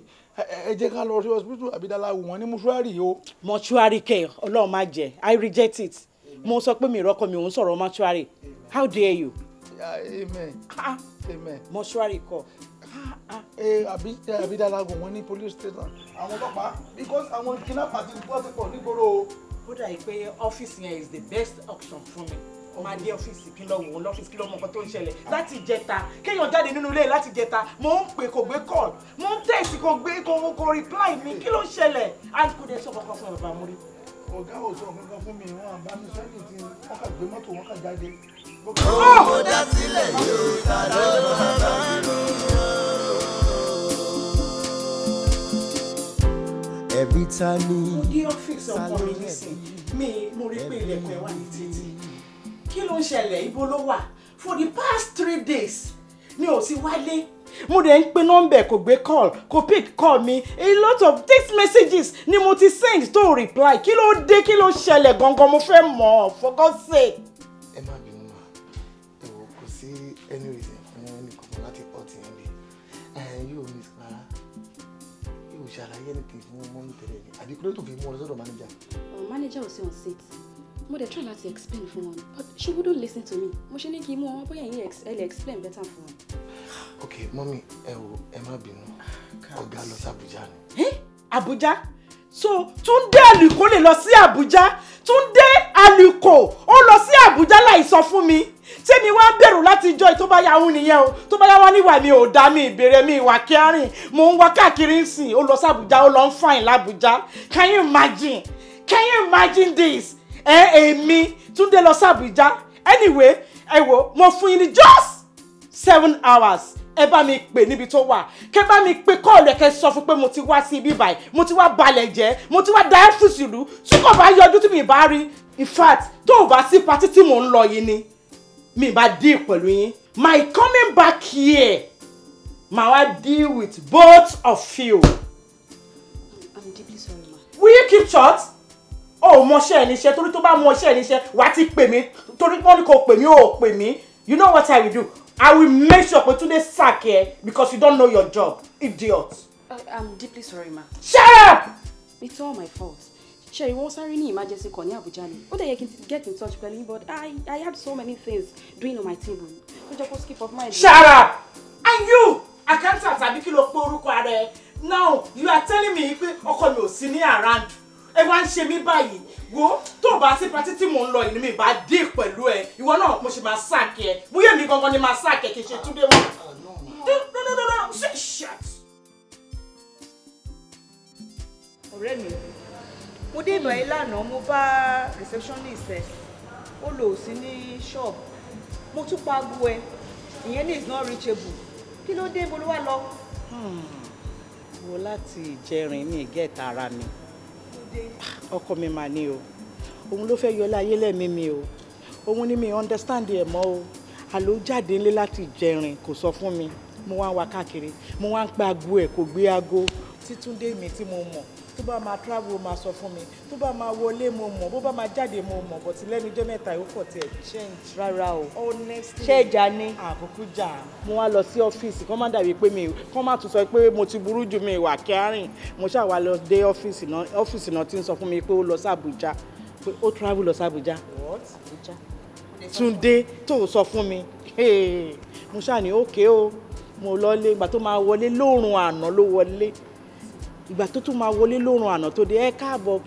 ẹ jẹ́ ká lọ sí hospital àbídàlà wò wọ́n ní mọ́ṣúárì o. mọ́ṣúárì kẹ ọlọ́run má jẹ i reject it mo sọ pé mi ìrọ́kọ mi òun sọ̀rọ̀ mọ́ṣúárì how dare you. amen amen. mọ́ṣúárì kọ Ah. Eh, àbídàlágò wọn ní police station àwọn ọlọ́pàá because àwọn kidnapper ti wọ́n ti pọ̀ nígboro. ó dà yìí pé ọ́fíìsì yẹn is the best option fún mi máa dé ọ́fíìsì kí lọ́wọ́ lọ́fíìsì kí lọ́wọ́ ọmọ tó ń ṣẹlẹ̀ láti jẹta kéèyàn jáde nínú ilé láti jẹta mò ń pè kò gbé call mò ń tẹ̀sí kò gbé kò kò reply mi kí ló ń ṣẹlẹ̀ and sọ kankan fún bàbá Múrí. ọ̀gá ò sọ kankan fún mi wọn àbá mi sẹ́yìn tí wọ́n kà gbé mọ́tò wọn kà jáde. Oh! ó dá sílẹ̀ yóò ta lọ́wọ́ bàbá mi ẹbí ta ni. mo dé ọ́fíìsì ọkọ mi nísìn mi mo rí pé ilẹ̀kùn kí ló ń ṣẹlẹ̀ ibo ló wà for the past three days ni ò ti wálé mo dẹ̀ ń pe nọ́mbẹ̀ kò gbé call kò pick call mi a lot of text messages ni mo ti send tó reply kí ló dé kí ló ṣẹlẹ̀ gangan mo fẹ́ mọ̀ for God's sake. anything fún mọ́mí tẹ̀lé ni àbí kúrẹ́tò fi mú ọ sọ́dọ̀ manager. ọ̀ manager ò sí on set mo dẹ̀ try láti explain fún wọn but she wouldn't listen to me mo ṣe ní kí n mú wọn bóyá yín ẹ explain better fún wọn. ok mọ́mí ẹ wo ẹ má bínú ọ̀gá lọ sí Abuja ni. ẹ Abuja so Túndé Àlùkò lè lọ sí Abuja Túndé Àlùkò ó lọ sí Abuja láì sọ fún mi tẹ́mi wá bẹ̀rù láti jọ́ tó bá yà nìyẹn o tó bá yà níwà mi ò dá mi ìbéèrè mi ìwà kẹrin mò ń wá káàkiri ń sìn ó lọ sí Àbújá ó lọ ń fàìn lábújá can you imagine can you imagine this ẹ èmi Túndé lọ sí Àbújá anyway ẹ wo mo fún yín ní just seven hours ẹ bá mi pè níbi tó wà kẹ bá mi pè kọ́ọ̀lù ẹ kẹ sọ fún pé mo ti wá sí ibi báyìí mo ti wá balẹ̀ jẹ́ mo ti wá da ẹ́fùsì lù tí kò bá yọjú tí mi bá rí in fact tó o bá sí patí tí mò ń lọ yìí ni mi bá deal pẹ̀lú yín my coming back here màá wá deal with both of you. I'm deeply sorry ma. will you keep short? o ò mọṣẹ́ ẹni iṣẹ́ torí tó bá mọṣẹ́ ẹni iṣẹ́ wà á ti pè mí torí wọ́n ní kò pè mí ò pè mí you know what I will do I will make sure pé Tunde sack ẹ because you don't know your job idiot. I, I'm deeply sorry ma. shut up. it's all my fault ṣe wọ́n sáré ní emergency kan ní Abuja ni ó dẹ̀ yẹ kí n get in touch pẹ̀lú yín but I I had so many things doing on my table tó jẹ́ kó skip off my day. Shara and you accountant àbí kí ló pé orúkọ ara now you are telling me pé ọkọ mi ò sí ní around ẹ wá ń ṣe mí báyìí wo tó o bá sí patí tí mò ń lọ ìní mi bá dé pẹ̀lú ẹ ìwọ náà mo ṣe máa sáàkì ẹ bóyá èmi gangan ni máa sáàkì ẹ kì í ṣe túndé mọ́. ọ̀rẹ́ mi mo dé ìbàyí lánàá mo bá receptionist ẹ ó lò ó sí ní shop mo tún pa agbo ẹ ìyẹn ní is not reachable kí ló dé mo ló wà lọ. wo hmm. láti ìjẹrin ní ìgẹ́ta ara mi ọkọ mi mà ní o òun ló fẹ́ yọ láyé lẹ́mìí mi o òun ni mi understand ẹ̀ mọ́ o àló jáde ńlé láti ìjẹrin kò sọ fún mi mo wá ń wa káàkiri mo wá ń pa agbo ẹ̀ kò gbé aago títúndé mi tí mo mọ̀ tó bá máa travel ó máa sọ fún mi tó bá máa wọlé mo mọ̀ bó bá máa jáde mo mọ̀ bọ̀tí lẹ́nu ọjọ́ mẹ́ta yóò pọ̀ tiẹ̀ change. rárá o honestly ṣé ìjà ni àkókò jà mo wá lọ sí ọ́fíìsì kán má dàbí pé mi kán má tún sọ pé mo ti burú jù mi ìwà kẹrin mo ṣáà wá lọ dé ọ́fíìsì náà ọ́fíìsì náà ti ń sọ fún mi pé ó lọ sí Àbújá pé ó travel lọ sí what Àbújá. Túndé tó sọ fún mi mo ṣáà ní òkè o mo lọ lé ìgbà tó máa wọlé lóòrùn àná ló wọlé ìgbà tó tún máa wọlé lóorun àná tó dé ẹ káàbọ̀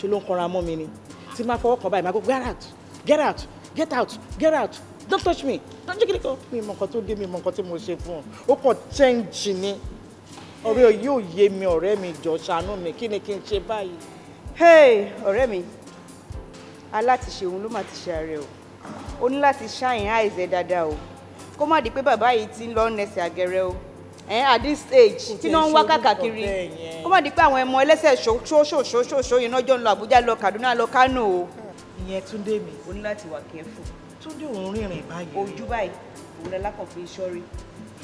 ṣe ló ń kanra mọ́ mi ni tí máa fọwọ́ kan báyìí máa kó get out get out get out get out don't touch me don't jẹ́ kí ni kò mi mọ̀ nǹkan tó dé mi mọ̀ nǹkan tí mo ṣe fún ọ ó kàn chẹ́ǹjì ni ọ̀rẹ́ yóò yé mi ọ̀rẹ́ mi jọ ṣàánú mi kí ni kí n ṣe báyìí. hey ọ̀rẹ́ mi alátiṣe òun ló máa ti ṣe ààrẹ o ó ní láti ṣáàyàn àìsẹ̀ dáadáa o kó má di pé bàbá yìí ti ń lọ nẹsẹ̀ àgẹrẹ o Eh, at this age tí náà ń wá káàkiri kó má di pé àwọn ẹmọ ẹlẹ́sẹ̀ ṣoṣoṣoṣoṣo yìí náà jọ ń lọ Àbújá lọ Kaduna lọ Kano o. ìyẹn Túndé mi o ní láti wà kẹ́fù Túndé òun rìnrìn báyìí. ojú báyìí òun lẹ lákàn fi sọrí.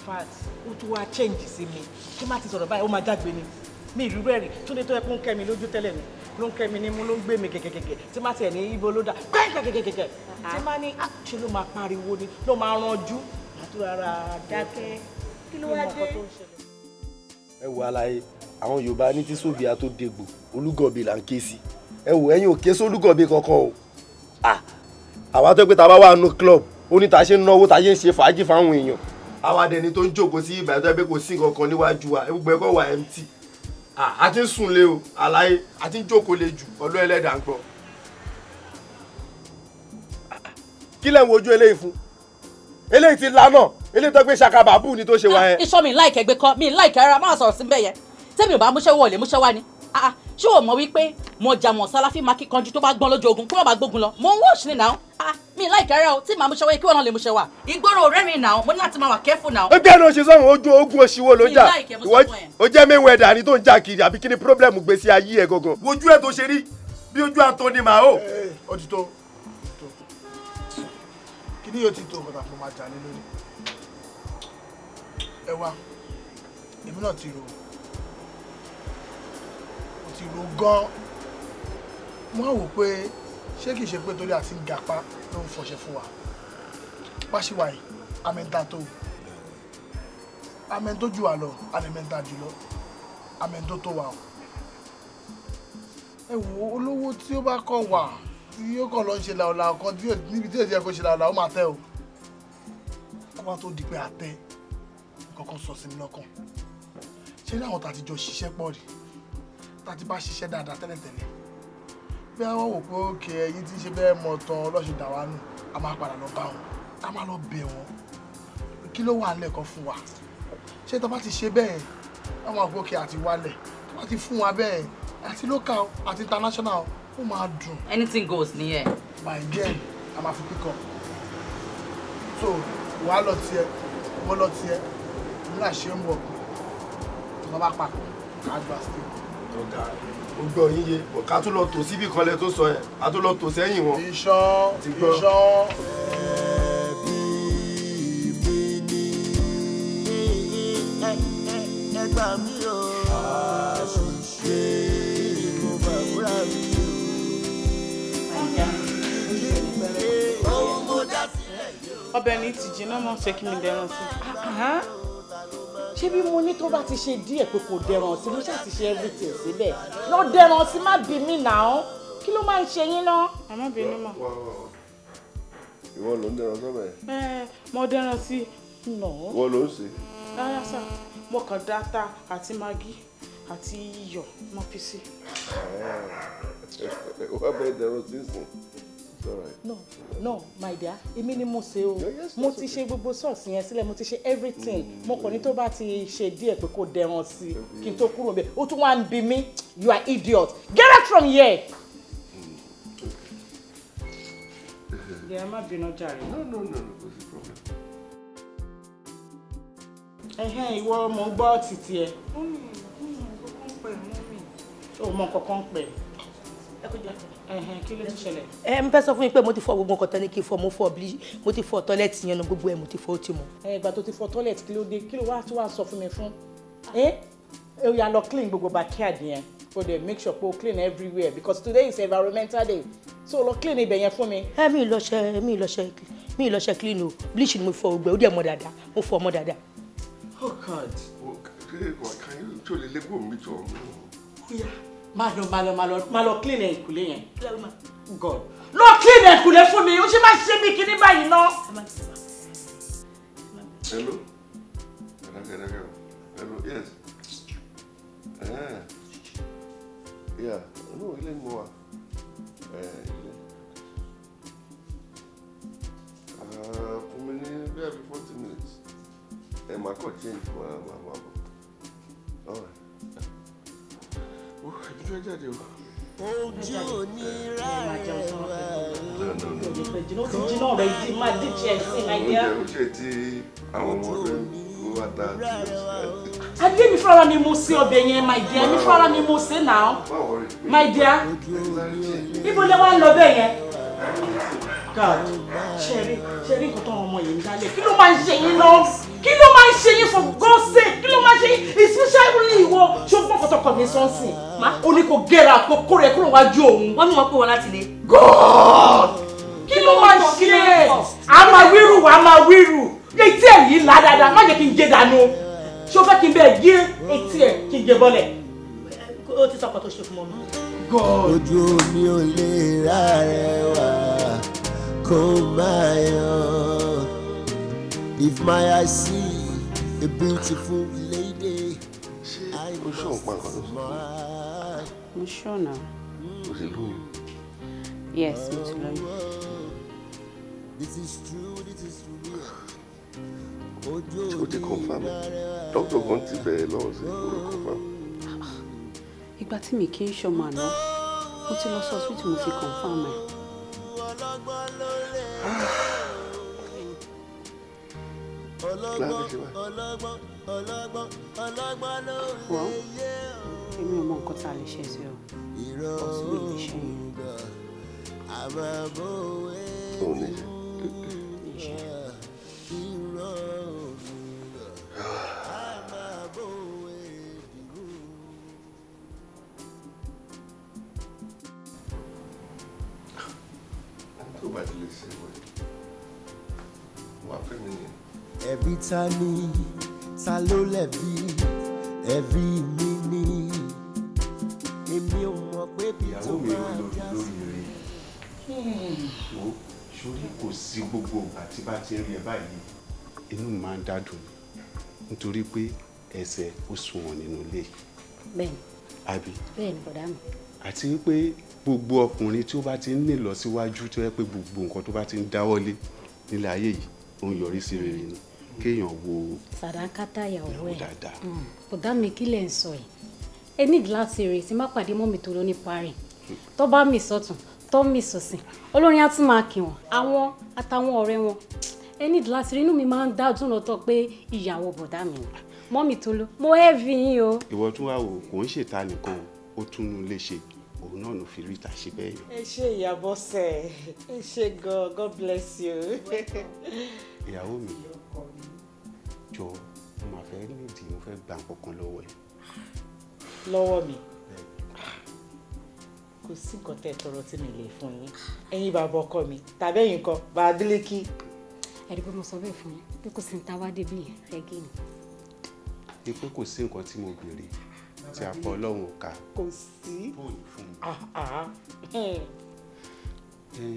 fat ó tún wá change sí mi kí má ti sọ̀rọ̀ báyìí ó máa jágbe ni mi ìlú rẹ̀ rí Túndé tó yẹ kó ń kẹ́ mi lójú tẹ́lẹ̀ mi ló ń kẹ́ mi ní mú ló ń gbé mi kẹ̀kẹ̀kẹ̀kẹ̀ tí má tiẹ̀ ní ibo ló dà kẹ́kẹ̀kẹ̀kẹ̀kẹ̀ tí ah. má ní ah, ṣe ló máa pariwo ni ló máa ranjú àtúrà dákẹ́ kí ló wá dé. ẹ wo alaye àwọn yorùbá ní tí sofia tó dégbò olúgọ̀bẹ là ń ké sí ẹ wo ẹ̀yin ò ké sí olúgọ̀bẹ kankan o àwa tó pé ta bá wà nù club ó ní ta ṣe ń náwó ta ṣe ń ṣe fàájì fáwọn èèyàn àwa dẹni tó ń jókòó sí ìgbà tó ẹ pé kò sí nǹkan níwájú wa gbogbo ẹkọ wà mt a ti ń sùn lé o alaye a ti ń jókòó lé jù ọlọ́ ẹlẹ́dàá ń gbọ́. kí lẹ́ ń wojú eléyìí fún eléyìí ti lanà ilé tó gbé ṣakabàbù ni tó ṣe wá ah, yẹn. iṣọ́ mi láì kẹgbẹ́ kan mi láì kẹ́ra máa sọ̀rọ̀ sí bẹ́yẹn tẹ́mi ò bá múṣẹ́ wọlé múṣẹ́ wá ni ah, ah, ṣé o mọ̀ wípé mọ̀jà mọ̀ sáláfí máa kí kanjú tó bá gbọ́n lójú ogun kó má bàa gbógun lọ mo ń wọ́ọ̀ṣì ni náà mi láì kẹ́rẹ́ o tí màá múṣẹ́ wá yẹ kí wọ́n lè múṣẹ́ wá. ìgboro ọ̀rẹ́ mi náà mo ní láti máa wà kẹ́fù náà. ó gbẹ́nu oṣù sọ́hun ojú ogun oṣìwò ló jà ó jẹ́ Mayweather ni tó ń jà kiri àbí kí ni pírọ́blẹ̀mù gbèsè ayé ẹ̀ gangan. wojú ẹ̀ tó ṣe rí bí ojú Anthony Mao òtítọ́ eh, eh. kí ni yóò ti tó ẹ wá èmi náà ti rò ó ti rò gan wọn wò pé ṣé kìí ṣe pé torí àti gàpá ló ń fọṣẹ fún wa pàṣíwà yìí amẹ́ta tó amẹ́ntó jù wá lọ amẹ́ta jù lọ amẹ́ntó o ẹ wo olówó tí ó bá kọ wà tí yóò kàn lọ ń ṣe làwòlà kan níbi tí èdè ẹ̀kọ́ ṣe làwòlà ó máa tẹ o kó má tó di pé àtẹ kọ́kọ́ sọ sí mi lọ́kàn ṣé láwọn tá a jọ ṣiṣẹ́ pọ̀ rí tá bá ṣiṣẹ́ dáadáa tẹ́lẹ̀tẹ́lẹ̀ bí àwọn wò pé òkè ẹ̀yin ti ṣe bẹ́ẹ̀ mọ̀ tán ọlọ́ṣun dà nù a máa padà lọ bá wọn a máa lọ bẹ̀ wọ́n kí ló wà lẹ́ẹ̀kan fún wa ṣé tó bá ti ṣe bẹ́ẹ̀ àwọn àgbókè àti wálẹ̀ tó bá ti fún wa bẹ́ẹ̀ àti local àti international ó máa dùn. anything goes nìyẹn. my girl a máa fi pick up so wàá lọ tiẹ̀ wọ́n lọ tiẹ̀ nígbà ṣe ń wọ̀ tó bá papọ̀ ká gba steel. ó gbọ́ yín yé ká tún lọ tò síbi kan tó sọ ẹ̀ ká tún lọ tò sẹ́yìn wọn. iṣan iṣan. ẹgbà mi o ṣe mo bá wúrà mi o. ọbẹ̀ ni ti jiná mọ́ ṣe kí mi dẹrùn sí i ṣé bí mo ní tó bá ti ṣe díẹ̀ pé kò dẹ̀ràn sí mo ṣáà ti ṣe everything síbẹ̀ lọ dẹ̀ràn sí má bí mi nà án kí ló máa ń ṣe yín ná. àmọ́ bínú mọ̀. ìwọ ló ń dẹ̀ràn sọ́bẹ̀. bẹ́ẹ̀ mo dẹ̀ràn sí i. ìwọ ló ń ṣe. rárá sà mo kàn dáta àti magi àti iyọ̀ mo fi sí. wọ́n bẹ dẹ̀ràn sí sùn no no my dear èmi ni mo ṣe o mo ti ṣe gbogbo sọ́ọ̀sì yẹn sílẹ̀ mo ti ṣe everything mm. mo kàn ní tó bá ti ṣe díẹ̀ pé kò dẹran sí i kí n tó kúrò bẹ́ẹ̀ ó tún wá ń bi mí you are idiot get out from here. ǹjẹ́ mm. ẹ má bínú jàre. no no no no no problem. ẹ̀hẹ́n ìwọ mo ń gbọ́ títí ẹ. ó mọ nǹkan kan pẹ̀ mú mi. ó mọ nǹkan kan pẹ̀. ẹ kò jẹ́ àtọ̀ kí ló ń ṣẹlẹ̀. ẹ n fẹ́ sọ fún yín pé mo ti fọ gbogbo nǹkan tán ní kí n fọ mo fọ bí mo ti fọ tọ́lẹ̀tì yẹn nu gbogbo ẹ̀ mo ti fọ ó ti mọ. ẹ ìgbà tó ti fọ tọ́lẹ̀tì kí ló dé kí ló wá tó wá sọ fún mi fún ẹ ẹ yà lọ clean gbogbo backyard yẹn o dey make sure pé o clean everywhere because today is environmental day so lọ clean ibẹ̀ yẹn fún mi. ẹ mi lọ ṣe mi lọ ṣe mi lọ ṣe clean o bleach ni mo fọ gbẹ ó dẹ̀ mọ́ dáadáa mo fọ mọ́ dáadáa. oh god. ṣé ìwà kan yóò tó lè lé gbòmìtì ọ̀hún má lọ má lọ má lọ má lọ clean ẹ̀kúlé yẹn god lọ clean ẹ̀kúlé fún mi o ṣe má ṣe bí kíní báyìí ná. hello hello yes eh. yeah yeah no ilé mi wà eh, ilé ah, fún mi ní bí i forty minutes Eh, máa kọ̀ change for my mama. Oh ó ẹbí fẹ́ jáde o. ojú òní rà o. adé mi fúnra mi mo ṣe ọbẹ̀ yẹn my dear mi fúnra mi mo ṣe náà my dear ibo lẹ wá ń lọ bẹ́ẹ̀ yẹn. God ṣe rí ṣe rí nǹkan tó àwọn ọmọ yìí ń dálé kí ló máa ń ṣe yín lọ kí ló máa ń ṣe yín for God's kí ló máa ń ṣe yín especially ìwọ ṣùgbọ́n kọ́tọ́kọ́ mi sọ́nsìn má o ní kò gẹ́ra kó rẹ̀ kúrò wájú òun. wọ́n ní wọ́n pè wọ́n láti lè. God kí ló máa ń ṣe é a máa wíru a máa wíru etí ẹ̀ yìí là dáadáa má jẹ́ kí n jẹ dànù ṣé o fẹ́ kí n bẹ́ẹ̀ gé etí ẹ̀ kí n jẹ bọ́lẹ̀. o ti sọkọ tó ṣe fún ọmọ. God ojú mi ò lè rárẹ̀ wá kó máa yọ. If my eyes see a beautiful lady, I must smile. I'm sure now. Was it long? Yes, it's long. This is true, this is true. Ṣé o ti confam Doctor, Dọ́kítọ̀ kan ti bẹ̀rẹ̀ lọ́wọ́ sí ìgboro confam. Ìgbà tí mi kì í ṣọmọ àná, mo ti lọ sọ ọ́sìtì mo ti confam ẹ̀ ọlọ́gbọ́n ọlọ́gbọ́n ọlọ́gbọ́n ọlọ́gbọ́n ló lè yé o. èmi ò mọ ṣe sí o. ìrọ̀ òògùn àbábọ̀ ẹ̀ ta ni ta ló lẹ̀bi ẹ̀bi mi ni èmi ò mọ̀ pé bí tó máa já sí. wo kò sí gbogbo ìgbà bá ti rí ẹ báyìí inú mi máa ń dádùn nítorí pé ẹsẹ̀ ó sunwọ̀n nínú ilé. bẹ́ẹ̀ni àbí. bẹ́ẹ̀ni bọ̀dá mi. àti pé gbogbo ọkùnrin tí ó bá ti ń ní síwájú tó yẹ pé gbogbo nǹkan tó bá ti ń dáwọ́lé nílẹ̀ ayé yìí ó ń yọrí sí rere ni. Mm -hmm kéèyàn wo sàdákátà ìyàwó ẹ̀ mm. ọ̀dà mi kí lẹ̀ ń sọ yìí ẹ ní gíláàsì rẹ̀ tí má pàdé mọ́ mi tó lóní parí tó bá mi sọ̀tún tó mi sọ̀sìn olórin á tún máa kì wọ́n àwọn àtàwọn ọ̀rẹ́ wọn ẹ ní gíláàsì rẹ̀ inú mi máa ń dájú lọ́tọ̀ pé ìyàwó bọ̀dá mi ni mọ́ mi tó lọ mo ẹ́ fi yín o. ìwọ tún wá wò kò ń ṣètà nìkan ó tún un lè ṣe òun náà ló fi rí ìta ṣe bẹ́ẹ̀ yẹn. ẹ ṣe ìyàbọ̀ sẹ̀ ẹ ṣe gan God bless you. ìyàwó mi ọkọ mi. jọ mo máa fẹ́ nídìí mo fẹ́ gba nǹkan kan lọ́wọ́ ẹ. lọ́wọ́ mi kò sí nǹkan tẹ́ ẹ tọrọ tí mi lè fún yín ẹ̀yin bàbá ọkọ mi tàbí ẹ̀yin kan bàbá bílíkì. ẹ̀rí pé mo sọ bẹ́ẹ̀ fún yín pé kò sí ní táwa débi yẹn rẹ́gí ni. ni pé kò sí nǹkan tí mo béèrè tí àpọ̀ ọlọ́run kà. kò sí. bóyá fún mi.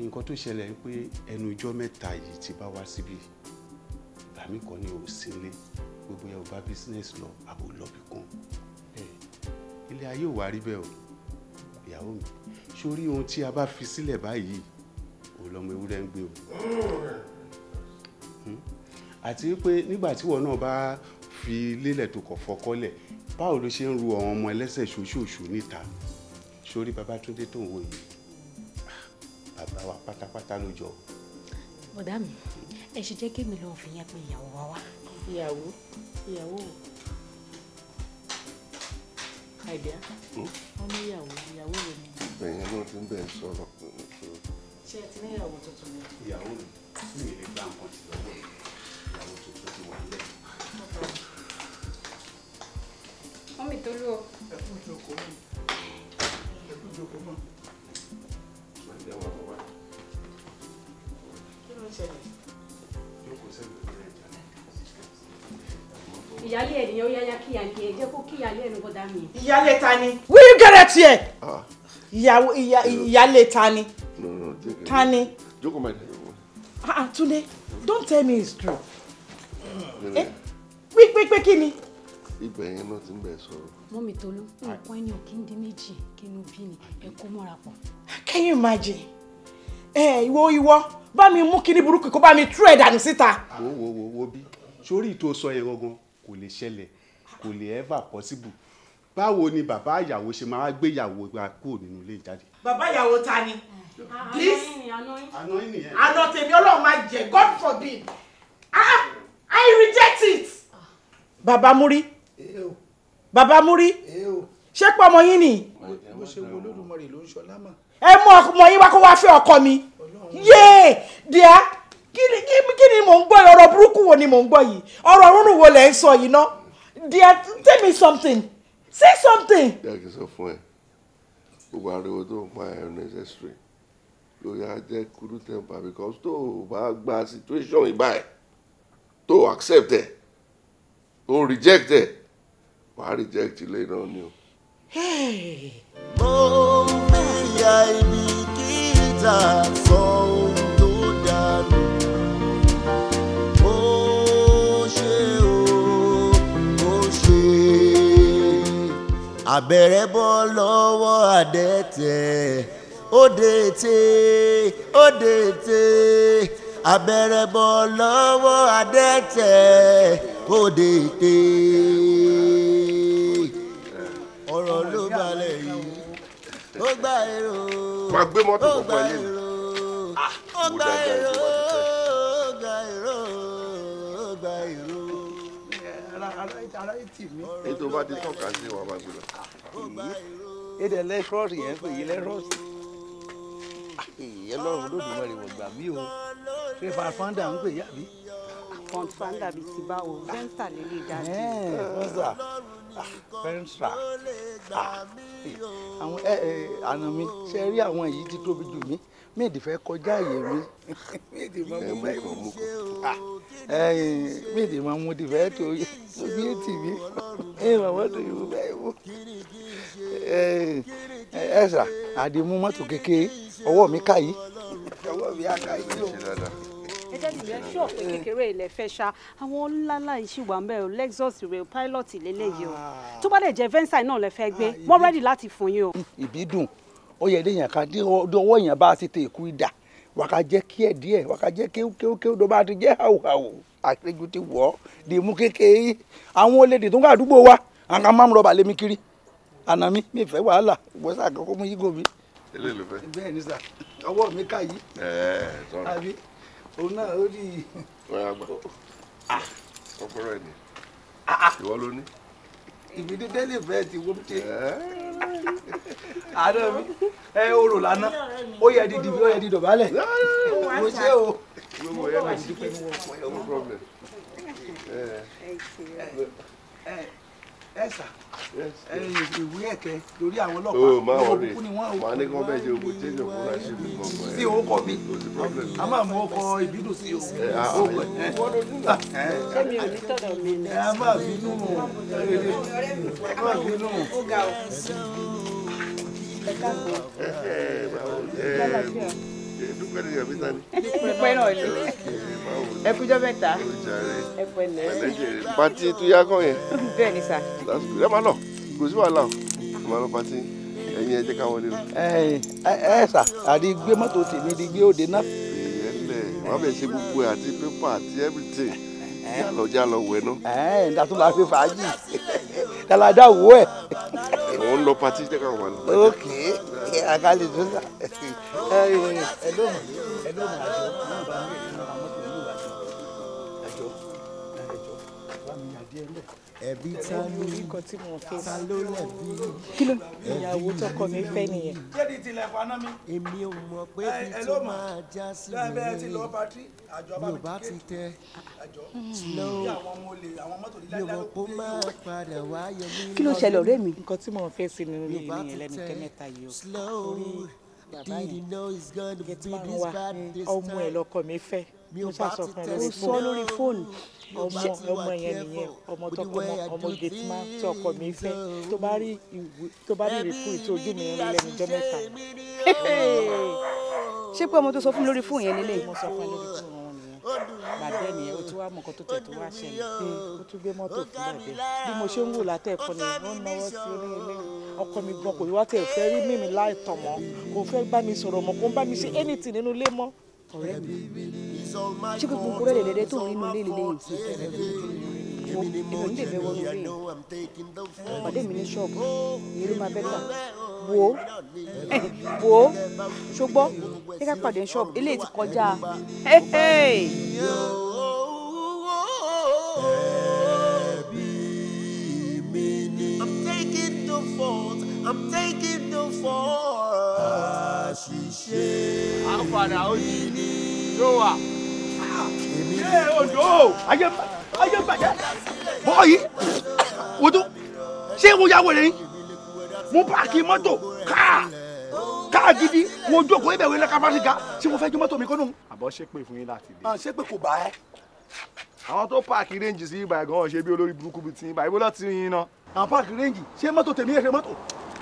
nǹkan tó ṣẹlẹ̀ pé ẹnu ọjọ́ mẹ́ta yìí ti bá wá síbí ìgbà mi kàn ní òsínlé gbogbo yẹn ò bá bísínẹ́sì lọ àbò lọ́bì kan ilé ayé ò wá rí bẹ́ẹ̀ o ìyàwó mi sórí ohun tí a bá fi sílẹ̀ báyìí òun lọmọ ewúrẹ́ ń gbé o hmm? àti pé nígbà tí wọn náà bá fi lélẹ̀ tó kọ̀ fọkọ́lẹ̀ báwo ló ṣe ń ru àwọn ọmọ ẹlẹ́sẹ̀ ṣoṣooṣù níta sórí Babátúndé tó ń wò bàbá wa pátápátá ló jọ. ọ̀dà mi hmm ẹ ṣe jẹ́ kémi lọ fi yẹn pé ìyàwó wa wá. ìyàwó ìyàwó àìdá hmm? wọn ní ìyàwó ìyàwó rẹ ni. bẹ̀yẹn náà ti ń bẹ̀ sọ̀rọ̀. ṣé ẹ ti ní ìyàwó tuntun ni. ìyàwó mi ò lè gba nǹkan ti lọ́wọ́ ìyàwó tuntun ti wà lẹ́yìn. wọ́n mi tó lú o. ẹ kú jókòó mọ́ ẹ kú máa ń jẹ́ wọn bọ̀ wá. kí ló ń ṣẹlẹ̀? ìyálé ẹ̀ nìyẹn ó yáyá kíyàlé ẹ̀ jẹ́ kó kíyàlé ẹ̀ ní bọ́dá mi. ìyálé ta ni. will you get it here. Ah. ìyàwó ìyálé ta ni. ta ni. jókòó máa dẹ̀ wọ́n. ah, ah Tunde don't tell me it's true. pípé eh? kí ni. ibẹ̀ yẹn náà ti ń bẹ̀ sọ̀rọ̀. mọ́mí Tolú nǹkan ẹni ò kí ń di méjì kí inú bí ni ẹ kó mọ́ra pọ̀. can you imagine? ẹ eh, ìwọ ìwọ bá mi mú kíní burúkú kó bá mi tú ẹ̀ dànù síta. wo wo wo wo bí sórí ìtò sọ yẹn gangan kò lè ṣẹlẹ̀ kò lè ever possible báwo ni bàbá ìyàwó ṣe máa gbéyàwó gba kúrò nínú ilé ìjáde. bàbá ìyàwó ta ni. Mm-hmm. this eh? àná tèmi ọlọ́run máa jẹ god forbid ah i reject it. bàbá múrí bàbá múrí ṣé pé ọmọ yín ni. bó ṣe wo olódùmarè ló ń ṣọlá mọ. ẹ mú ọmọ yín wá kó wá fẹ́ ọkọ mi yéé díẹ̀ kí ni mò ń gbọ́ ọ̀rọ̀ burúkú wo ni mò ń gbọ́ yìí ọ̀rọ̀ rúnrún wo lẹ̀ ń sọ yìí ná dear tell me something say something. ìyá kì í sọ fún ẹ gbogbo ariwo tó ń pa ẹ̀rọ necessary ló yà jẹ́ kúrú temper because tó o bá gba situation ìgbà ẹ̀ tó o accept ẹ̀ tó o reject ẹ̀ wàá reject ilé náà ni o. mo ń fìyà ibi kí ìta sọ ohun. abẹ́rẹ́ bọ́ lọ́wọ́ adẹ́tẹ̀ ó dètè ó dètè abẹ́rẹ́ bọ́ lọ́wọ́ adẹ́tẹ̀ ó dètè ọ̀rọ̀ ló balẹ̀ yìí ó gbà èrò ó gbà èrò ah, ó gbà èrò. ètò bá ti tọ́ka sí wa máa gbọ́dọ̀. èdè lẹ́sọ̀rì yẹn pé ilé rọ́ọ̀sì ìyẹn ah, lọ́rùn lódùmarè wọ̀ gbà mí o ṣé fàfáńdà ń pè yá mi. fàfáńdà bíi ti báwo fẹ́ńtà lè lè dájú. fẹ́ńtà fẹ́ńtà àwọn eh, eh, àna mi ṣe rí àwọn èyí tí tóbi jù mí méèdì fẹ́ kọjá àyè mi méèdì máa mú dìfẹ́ ah, tó bí ètì mi ẹ̀yìn màmá tó yìí bá yìí mú ẹ sà àdìmú mọ́tò kékeré ọwọ́ mi ká yìí ọwọ́ mi á ká yìí ẹjẹ ti yẹ ṣọ pé kékeré ilẹ̀ fẹ́ ṣá àwọn ńláńlá ìṣìwà ń bẹ̀ o Lexus rẹ o pilot lélẹ́yìí o ah. tó bá lè jẹ́ Venza náà lẹ fẹ́ gbé wọ́n ah, rẹ́dì láti fún yín o. ìbí dùn ó yẹ déyàn ká dé ọwọ́ èèyàn bá a sì tẹ èkú ìdà wàkà jẹ́ kí ẹ̀ díẹ̀ wàkà jẹ́ kéwkéwkéw tó bá ti jẹ́ hàwùhàwù àpéjú ti wọ̀ ọ́ dì mú kékeré àwọn olè tó ń ká àdúgbò wa àwọn kan máa ń rọba lémi kiri àná mi mi fẹ́ wàhálà ìgbọ́sà àkọ́kọ́ mú yígò mi. ilé ló fẹ́. bẹ́ẹ̀ ni sà ọwọ́ mi ká yìí. ẹ̀ẹ́ sọ̀rọ̀ àbí òun náà ó rí i. ọ̀ya gbà ah. ọkùnrin ẹ̀ ni ah, ah. ìwọ ló ní ìbí dídé lè fẹ́ ti wó ṣe. Eh. àárẹ̀ mi ẹ orò lánàá ó yẹ dídì bí ó yẹ dídò bálẹ̀ mo ṣe o. gbogbo ẹ náà ti pẹ́ ní wọ́n fún ẹ no problem. Eh. Eh ẹ sà ìwé ẹ̀kẹ́ lórí àwọn ọlọ́pàá ó máa wọlé màá ní a máa mú ọkọ ìbínú sí o ọkọ ẹ sẹ́mi ò ní tọ̀dọ̀ mi ni. ẹ dúpẹ́ lórí ọ̀bí ẹ ẹ máa ká wọlé lọ. ẹ ẹ sà àrí gbé mọ́tò tèmi di gbé òde náà. ìyẹn lẹ wọn bẹ ṣe gbogbo àti pépà àti everything lọjà lọ wẹ náà. ẹ ẹ ǹda tó máa fi fàájì dàlàdà wò ẹ. òun lọ pati jẹ ká wà lọ. ok àkàlì tó sà ẹ ẹ lóhùn ẹ lóhùn àjọ náà bá mi rìn náà àmọ́ tó ní ìwà àjọ àjọ bá mi yàdé ẹ lẹ́kọ̀ọ́ ẹbí ta ló ní ta ló lẹbi ìyàwó tọkọ mi fẹ́ nìyẹn. èmi ò mọ̀ pé bí tó máa já sí mi mi ò bá ti tẹ slow mi ò mọ̀ máa padà wá yọ mí lọ́dún. kí ṣẹlẹ̀ ọ̀rẹ́ mi. nǹkan tí mò fẹ́ sí ni ilé ìyẹn lẹ́nu kẹ́mẹ́ta yìí o orí bàbá yìí gẹ̀tìmọ̀ wa ọmọ ẹ̀ lọkọ mi fẹ́ mo ṣàṣọ fún ẹ lórí fóònù ọmọ ọmọ yẹn nìyẹn ọmọ tọkọ ọmọ gateman tí ọkọ mi fẹ́ tó bá rí ìwé tó bá rí ìrìkú ètò ojú mi rí lẹ́nu ọjọ́ mẹ́ta. ṣé pé ọmọ tó sọ fún mi lórí fóònù yẹn nílé. mo sọ fún ẹ lórí fóònù wọn nìyẹn bàbá ẹ nìyẹn o tún wá mọ nǹkan tó tẹ̀ tó wá ṣẹlẹ̀ o tún gbé mọ́tò fún bàbá ẹ bí mo ṣe ń wò látẹ̀ ẹ̀kọ́ ni wọ́n náwó sí onílé ọkọ mi gan kò wá tẹ̀ fẹ́ rí mímí láì tọ̀ mọ́ kò fẹ́ bá mi sọ̀rọ̀ mọ́ kò ń bá mi ṣe anything nínú ilé mọ́ ọ̀rẹ́ mi ṣé gbogbo rẹ̀ lẹ́lẹ́ tó rí inú ilé lélẹ́yìn sí mo èmi ń dèbẹ̀ wọnú rí pàdé mi ní ṣọ́ọ̀bù ìlú oh, máa bẹ́ tà wò ó wò ó ṣùgbọ́ ẹ ká pàdé ṣọ́ọ̀bù eléyìí ti kọjá I'm taking the fall. I'm taking the fall ṣiṣe ah, èmi ni èmi ni. ṣé odò ayé ayé bàjẹ́ bọ́ọ̀ yìí wòtó ṣé mo yà wẹ̀rẹ̀ yín mo páàkì mọ́tò káà káà gidi mo jókòó ibẹ̀ wẹ̀rẹ̀ káfáṣíkà ṣé mo fẹ́ ju mọ́tò mi kọ́nù. àbọ̀ ṣé pé fún yín láti dé. Ah, ṣé pé kò bá ẹ. àwọn tó páàkì rẹ́ǹjì sí ibà gan-an ṣe bí olórí burúkú bíi ti ibà ibo lọ́ọ́ ti yín náà. àwọn páàkì rẹ́ǹjì ṣé mọ́tò tèmi yẹ ṣe mọ́tò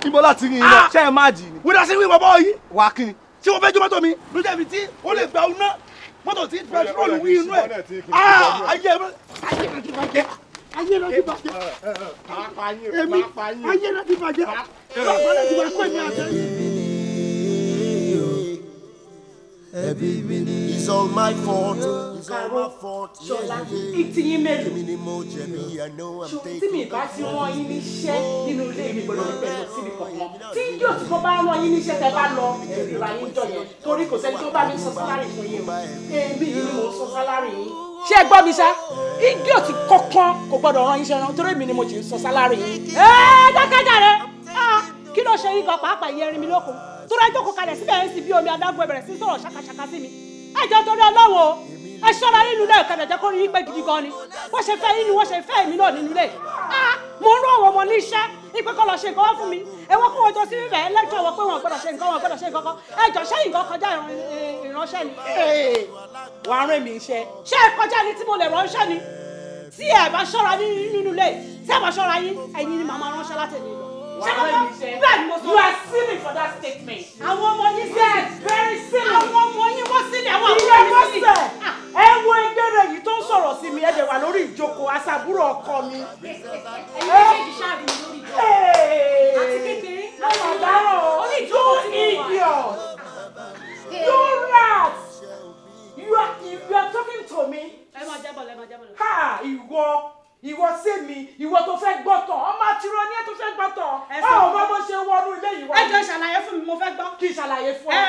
ibo láti rìn lọ ṣe é má jì ni. wíwá sí wíwọ bọ́ yìí. wà á kí ni. ṣé wọ́n fẹ́ jó mọ́tò mi ló jẹ́ mi tí ó lè gba òun mọ́tò tí pẹtrólù wí inú ẹ̀. ayé ayé ló ti bàjẹ́ ayé ló ti bàjẹ́ èmi ayé ló ti bàjẹ́ lọ́pọ̀ ló ti bàjẹ́ pẹ̀lú àtẹ̀yìn ẹbí mi ni. it's all my fault. it's all my fault. ṣọlá ìtìyín mélòó. èmi ni mo jẹ̀bi i know i'm taking. tí mi bá ti rán yín níṣẹ́ nínú ilé mi gbọ́dọ̀ níbẹ̀ lọ sí mi kọ̀ọ̀kan. tí yóò tí mo bá rán yín níṣẹ́ tẹ bá lọ ẹ̀rì ra yín jọ yẹn torí kò sẹ́ni tó bá mi sọ sálárì fún yín o èmi ni mo sọ sálárì yín. ṣé ẹ gbọ́ mi sá idiot kankan kò gbọ́dọ̀ rán yín ṣẹ́ran torí èmi ni mo ti sọ sálárì yín. ẹ rẹ̀ ah kí ló ṣe yín gan pàápàá ìyẹn rin mi lóko tó rájò kó kalẹ̀ síbẹ̀ ẹ̀ ń sì bí omi adágún ẹ̀ sí sọ̀rọ̀ ṣàkàṣàkà sí mi ẹ jẹ́ torí Ọlọ́run o ẹ ṣọ́ra nínú ilé ìkànnì jẹ́ kó rí pé gidi gan ni wọ́n ṣe fẹ́ yín ni wọ́n ṣe fẹ́ èmi náà nínú ilé mo ń rán àwọn ọmọ ní iṣẹ́ ipe kọ́ lọ ṣe nǹkan wá fún mi ẹ̀wọ́n kó wọn jọ sí bíbẹ̀ ẹlẹ́jọ́ wọn pé wọn gbọ́dọ̀ ṣe nǹkan wọn gbọ́dọ̀ ṣe nǹkan kan ẹjọ́ ṣé nǹkan kọjá ìránṣẹ́ ni. wàá rán mi iṣẹ́. ṣé ẹ kọjá ni tí mo lè ránṣẹ́ ni tí ẹ bá ṣọ́ra nínú ilé tí ẹ bá ṣọ́ra yín ẹ̀yin ni màmá ránṣẹ́ látẹ̀lé lọ. You are silly for that statement. Àwọn ọmọ yín bẹ́ẹ̀ very silly. Àwọn ọmọ yín wọ́n sílẹ̀ àwọn àwọn ọmọ yín sílẹ̀. Ìyá Bọ́sẹ̀, ẹ wo ẹgbẹ́rẹ́ yìí tó ń sọ̀rọ̀ sí mi, ẹ dẹ̀ wà lórí ìjókòó aṣàbúrò ọkọ mi. Ẹyin méjèèjì ṣáàbì mi lórí ìjókòó. Àti kékeré. Àwọn ọ̀daràn orí ìjókòó ti mú wa. You rat! You are, you are talking to me. Ẹ máa jábọ̀ lẹ́ máa jábọ̀ lẹ́. Ha! Ìwọ ìwọ sí mi ìwọ tó fẹ́ gbọ́tọ̀ ọmọ àtúrò ní ẹ tó fẹ́ gbọ́tọ̀ ọmọ ọmọ bó ṣe wọnú ilé ìwọ. ẹ jọ ṣàlàyé fún mi mo fẹ́ gbọ́. kí ṣàlàyé fún ẹ.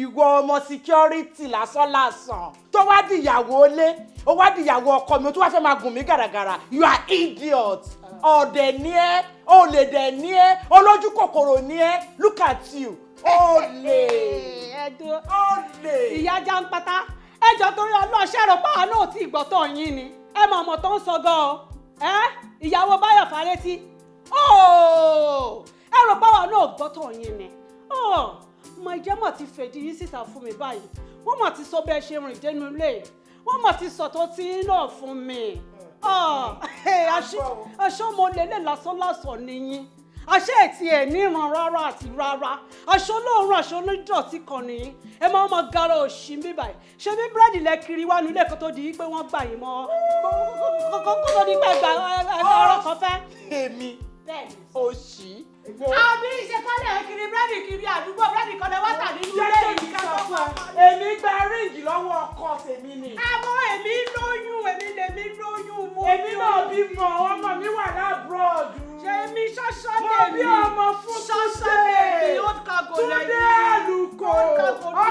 ìwọ ọmọ security lásán lásán tó wá di ìyàwó ilé ó wá di ìyàwó ọkọ mi ó tún wá fẹ́ máa gùn mí gàràgàrà you are idiot ọ̀dẹ̀ ni ẹ́ olè dẹ̀ ni ẹ́ olójú kòkòrò ni ẹ́ look at you olè olè ìyá jàǹpátá ẹjọ́ torí ọlọ́ọ̀ṣẹ́ rò pàánù ò tí ì gbọ́tọ̀ yín ni ẹ mọ ọmọ tó ń sọ gan-an ẹ ìyàwó báyọ̀ fárétí ẹ rò báwa náà gbọ́tọ̀ yín ni ọmọ ìjẹ́mọ̀ ti fèdí yín síta fún mi báyìí wọ́n mọ̀ ti sọ bẹ́ẹ̀ ṣe rìn dénú ilé wọ́n mọ̀ ti sọ tó ti ń lọ fún mi aṣọ mo lè lè lásán lásán nìyí àṣẹ ètí ẹ̀ ní ìmọ̀ rárá àti rárá aṣọ olóòórùn aṣọ onídọ̀tí kan nìyí ẹ máa mọ gara òṣì bí báyìí ṣé bí búrẹ́dì lẹ kiri wá nílé kó tó di pé wọ́n gbà yín mọ́ kó tó di pé ẹgbà ah! ọ̀rọ̀ kan fẹ́. èmi òṣì àbí ìṣekọ́lẹ̀ kiri búrẹ́dì kiri àdúgbò búrẹ́dì kan lè wá tà nínú ilé yìí ká tó fún ọ. èmi gba ríǹgì lọ́wọ́ ọkọ tèmi ni. àmọ́ èmi lóyún èmi lèmi lóyún mo. èmi náà bímọ ọmọ mi wà lábúròdù. èmi ṣọ́ṣọ́ lèmi. mo bí ọmọ fún túnṣe túnde àlùkò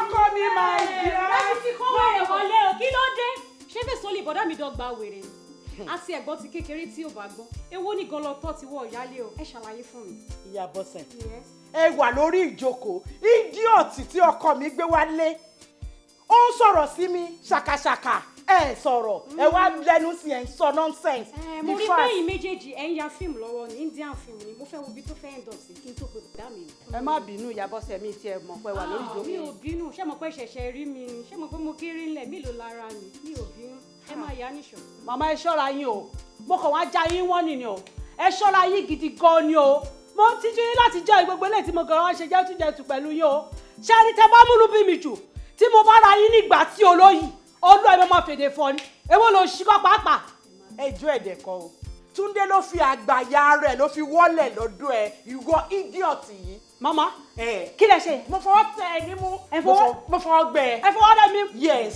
ọkọ mi máa yẹ. láti fi kọ́wọ́ rẹ̀ wọlé o kí ló dé ṣé fèsì olè bọ́dá mi dọ́gba wèrè ni àti ẹ̀gbọ́n ti kékeré tí ò bá gbọ́n èwo ni gan lọ tọ́ ti wọ ìyáálé o ẹ ṣàlàyé fún mi. ìyá bọ́sẹ̀ ẹ wà lórí ìjókòó idiot tí ọkọ mi gbé wá lé ó ń sọ̀rọ̀ sí mi ṣàkàṣàkà ẹ sọ̀rọ̀ ẹ wá mm. lẹ́nu sí ẹ ń sọ nonsense. Eh, mo rí bẹ́yìn méjèèjì ẹ̀ ń ya fíìmù lọ́wọ́ ní indian film ni mo fẹ́ wo ibi tó fẹ́ end up sí kí n tó gbèbè dá mi. ẹ má bínú ìyàbọ̀ sẹ́mi tí ẹ mọ̀ pé wà lórí ah, ìjókòó. mi ò bínú ṣé mo pẹ́ ṣẹ̀ṣẹ̀ rí mi ni ṣé mo pé mo kéré ńlẹ̀ mi ló lára mi mi ò bínú ẹ má yá níṣọ. màmá ẹ ṣọ́ra yín o mo kàn wá já yín wọ́n nì ni o ẹ ṣọ́ra yín gidi gan ni o mo ti jú yín láti jẹ́ gbogbo eléyìí tí mo kàn wá ṣe jẹ́tújẹtù pẹ̀lú yín o ṣé ẹni tẹ bá múlù bí mi jù tí mo bá ra yín nígbà tí olóyìí olú ẹ̀ mọ́ fèdè fọ́ ni èwo ló ṣí kọ́ pàápàá. ẹjọ́ ẹ̀dẹ̀ kan o túndé ló fi àgbàyà rẹ̀ ló fi wọ́lẹ̀ lọ́dọ̀ ẹ̀ ìwọ idiot yìí. mama kí lẹ ṣe. mo fọwọ́ tẹ ẹ nímú. mo fọwọ́ gbẹ. ẹ fọwọ́ dẹ mi. yes.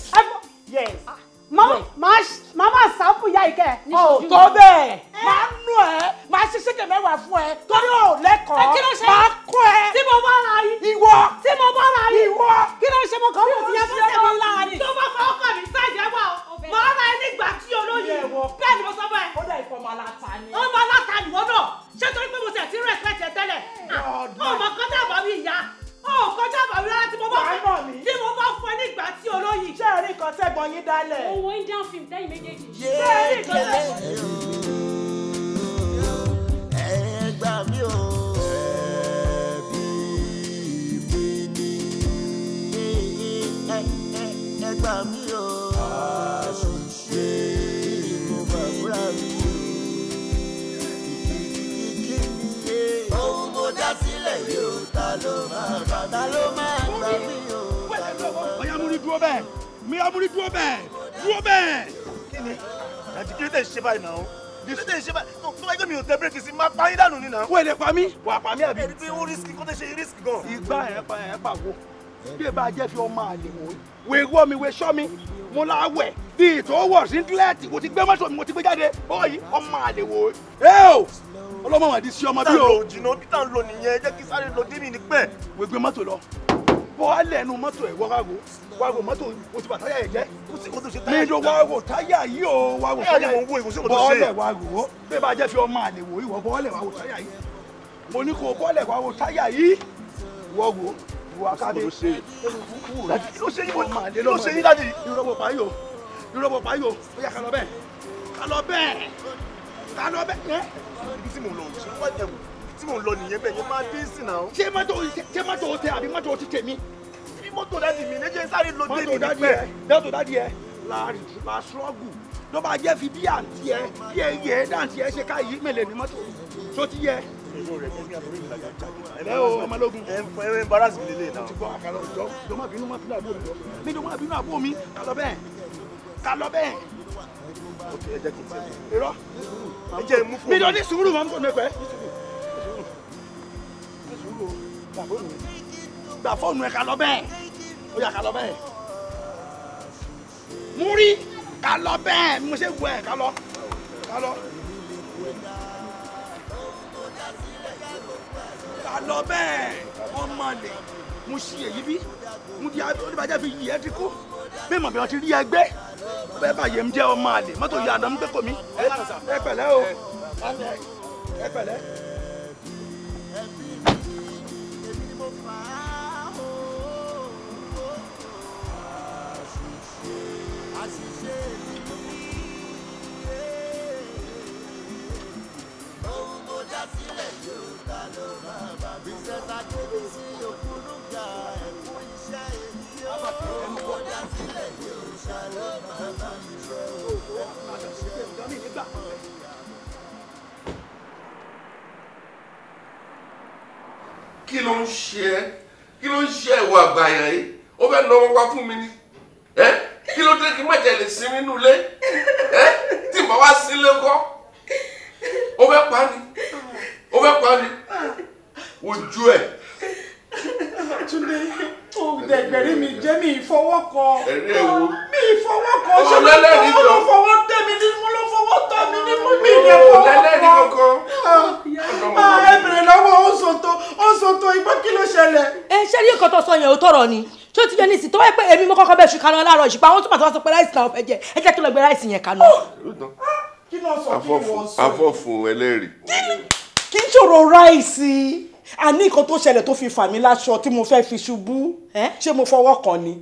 yes. Ah mama sample ya ike ọ tó bẹ́ẹ̀ máa nù ẹ máa se ṣẹkẹ mẹ́wàá fún ẹ torí ò lẹ́kọ̀ọ́ máa kọ ẹ tí mo bá ra yìí ìwọ tí mo bá ra yìí ìwọ kí ló ń ṣe mo kàn wò tíya fún ṣẹlẹ̀ ńlá ni tó bá fọ ọkọ mi sáìdì ẹwà o máa ra ẹ nígbà tí olóyè bẹ́ẹ̀ ni mo sọ bẹ́ẹ̀. ó dà ìfọ̀ máa láta ni. ó máa láta ni wọ́n náà ṣé torí pé mo ti ẹ̀ ti rẹ̀ sẹ́ẹ̀tì ẹ tẹ́lẹ̀ ó kọjá bàbá rárá tí mo bá fún tí mo bá fún ẹ ní ìgbà tí olóyè. ṣé ẹ rí nǹkan tẹ́gbọ̀n yín dálẹ̀. owó indian film tẹ́yìn méjèèjì. ṣé ẹ rí nǹkan tẹ́gbọ̀n. ẹ gbà mí o. ẹ gbà mí o. àṣìṣe mo bá fúra mi. ohun mo dá sílẹ̀ yìí o ta ló máa gbà mí ta ló máa gbà mí o ta ló máa gbà mí. ọ̀yàmúni dúró bẹ́ẹ̀ ọ̀yàmúni dúró bẹ́ẹ̀ dúró bẹ́ẹ̀. kí ni àti kí ló tẹ̀ ṣe báyìí náà kí ló tẹ̀ ṣe báyìí tó bá yẹ mi ò tẹ bírèkì sí máa pa yín dànù nínà. wẹ́ẹ̀lẹ̀ pa mí wà pa mí àbí. ẹni tí ó rísíkì kó tẹ ṣe rísíkì gan. ìgbà ẹ̀ pa ọlọ́mọ wà di sí ọmọ bí o. jìnnà bí tá à ń lọ nìyẹn jẹ́ kí sáré lọ dé mi ní pẹ́. wègbè mọ́tò lọ bọ́ alẹ́ nu mọ́tò ẹ̀ wáwo wáwo mọ́tò o ti bà táyà ẹ̀ mi ló wáwo táyà yìí o wáwo táyà yìí bọ́ ọlẹ̀ wáwo bẹ́ẹ̀ bá jẹ́ fi ọmọ àlè wò ìwọ bọ́ ọlẹ̀ wáwo táyà yìí mo ní kó bọ́ ọlẹ̀ wáwo táyà yìí wọ́wọ́ ìwà káde ló ṣe yín ló ṣe yín dájú. irọ́ bọ̀ páyò irọ́ bọ̀ páyò ó sá lọ bẹ́ẹ̀. ibi tí mò ń lọ yìí wá ẹ̀wù tí mò ń lọ nìyẹn bẹ́ẹ̀ yẹn máa dé sí náà. ṣé mọ́tò ṣé mọ́tò tẹ àbí mọ́tò ti tèmi. ibi mọ́tò dádì mi ní jẹ́ sáré lọ dé mi nípẹ́. mọ́tò dádì ẹ láàrin la ṣọ́ọ̀gù ló bá jẹ́ fi bí àǹtí ẹ bí ẹ dáǹtí ẹ ṣe káyìí mẹ́lẹ̀ ní mọ́tò tó ti yẹ. ẹ o ọmọlógún ẹ ẹ embarrass mi lélẹ̀ náà. mo ti gbọ́ àkàlọ́ ìjọ ìjọ má bínú má bínú àbúrò mi lọ ẹ jẹ́ mú fún mi. mi lọ ní sùúrù máa ń fún mi pẹ́. gbà fóònù ẹ ká lọ bẹ́ẹ̀ ó yá ká lọ bẹ́ẹ̀. mú rí mo ṣe wù ẹ ká lọ ká ọmọ lè mo ṣe èyí bí mo di oníbàjẹ́ fi yìí ẹ e ti kú bí mọ̀ bí wọ́n ti rí ẹgbẹ́ bẹ́ẹ̀ bá yẹ ń jẹ́ ọmọ àlè mọ́tò yà àdánù pẹ́kọ̀ mi ẹ pẹ̀lẹ́ o ẹ pẹ̀lẹ́. ló ń ṣe ẹ́ kí ló ń ṣe ẹ̀wọ̀ àgbàyà yìí ó fẹ́ lọ wọn wá fún mi ni ẹ́ kí ló dé kí má jẹ́ lè sinmi nù lé ẹ́ tí màá wá sílé kọ́ ó fẹ́ pa ni ó fẹ́ pa ni ojú ẹ̀. Túndé òdẹ̀gbẹ̀rí mi jẹ́ mi ìfọwọ́kọ mi ìfọwọ́kọ ṣé ló fọwọ́ tẹ́ mi ni mo ló fọwọ́ tọ́ mi ni mo mi ìdẹ fọwọ́ tọ́ ẹ bèrè lọ́wọ́ ó sòtò ó sòtò ìgbọ́ kí ló ṣẹlẹ̀. ẹ ṣé rí nǹkan tó sọ yẹn ò tọrọ ni tí ó ti yẹ ní ìsìn tó wáyé pé èmi mo kọ́kọ́ bẹ̀ ṣù kaná láàárọ̀ ìṣùpá àwọn tó bàtà wá sọ pé ráìsì làwọn fẹ́ jẹ ẹ jẹ́ kí lọ gbé ráìsì yẹn kaná. Oh! Ah, kí ló sọ kí wọ́n sọ. afọ́fun ẹlẹ́rìí. kí n ṣòro ráìsì a ní nǹkan tó ṣẹlẹ̀ tó fi fà mí láṣọ tí mo fẹ́ fi ṣubú ṣé mo fọwọ́ kàn ni.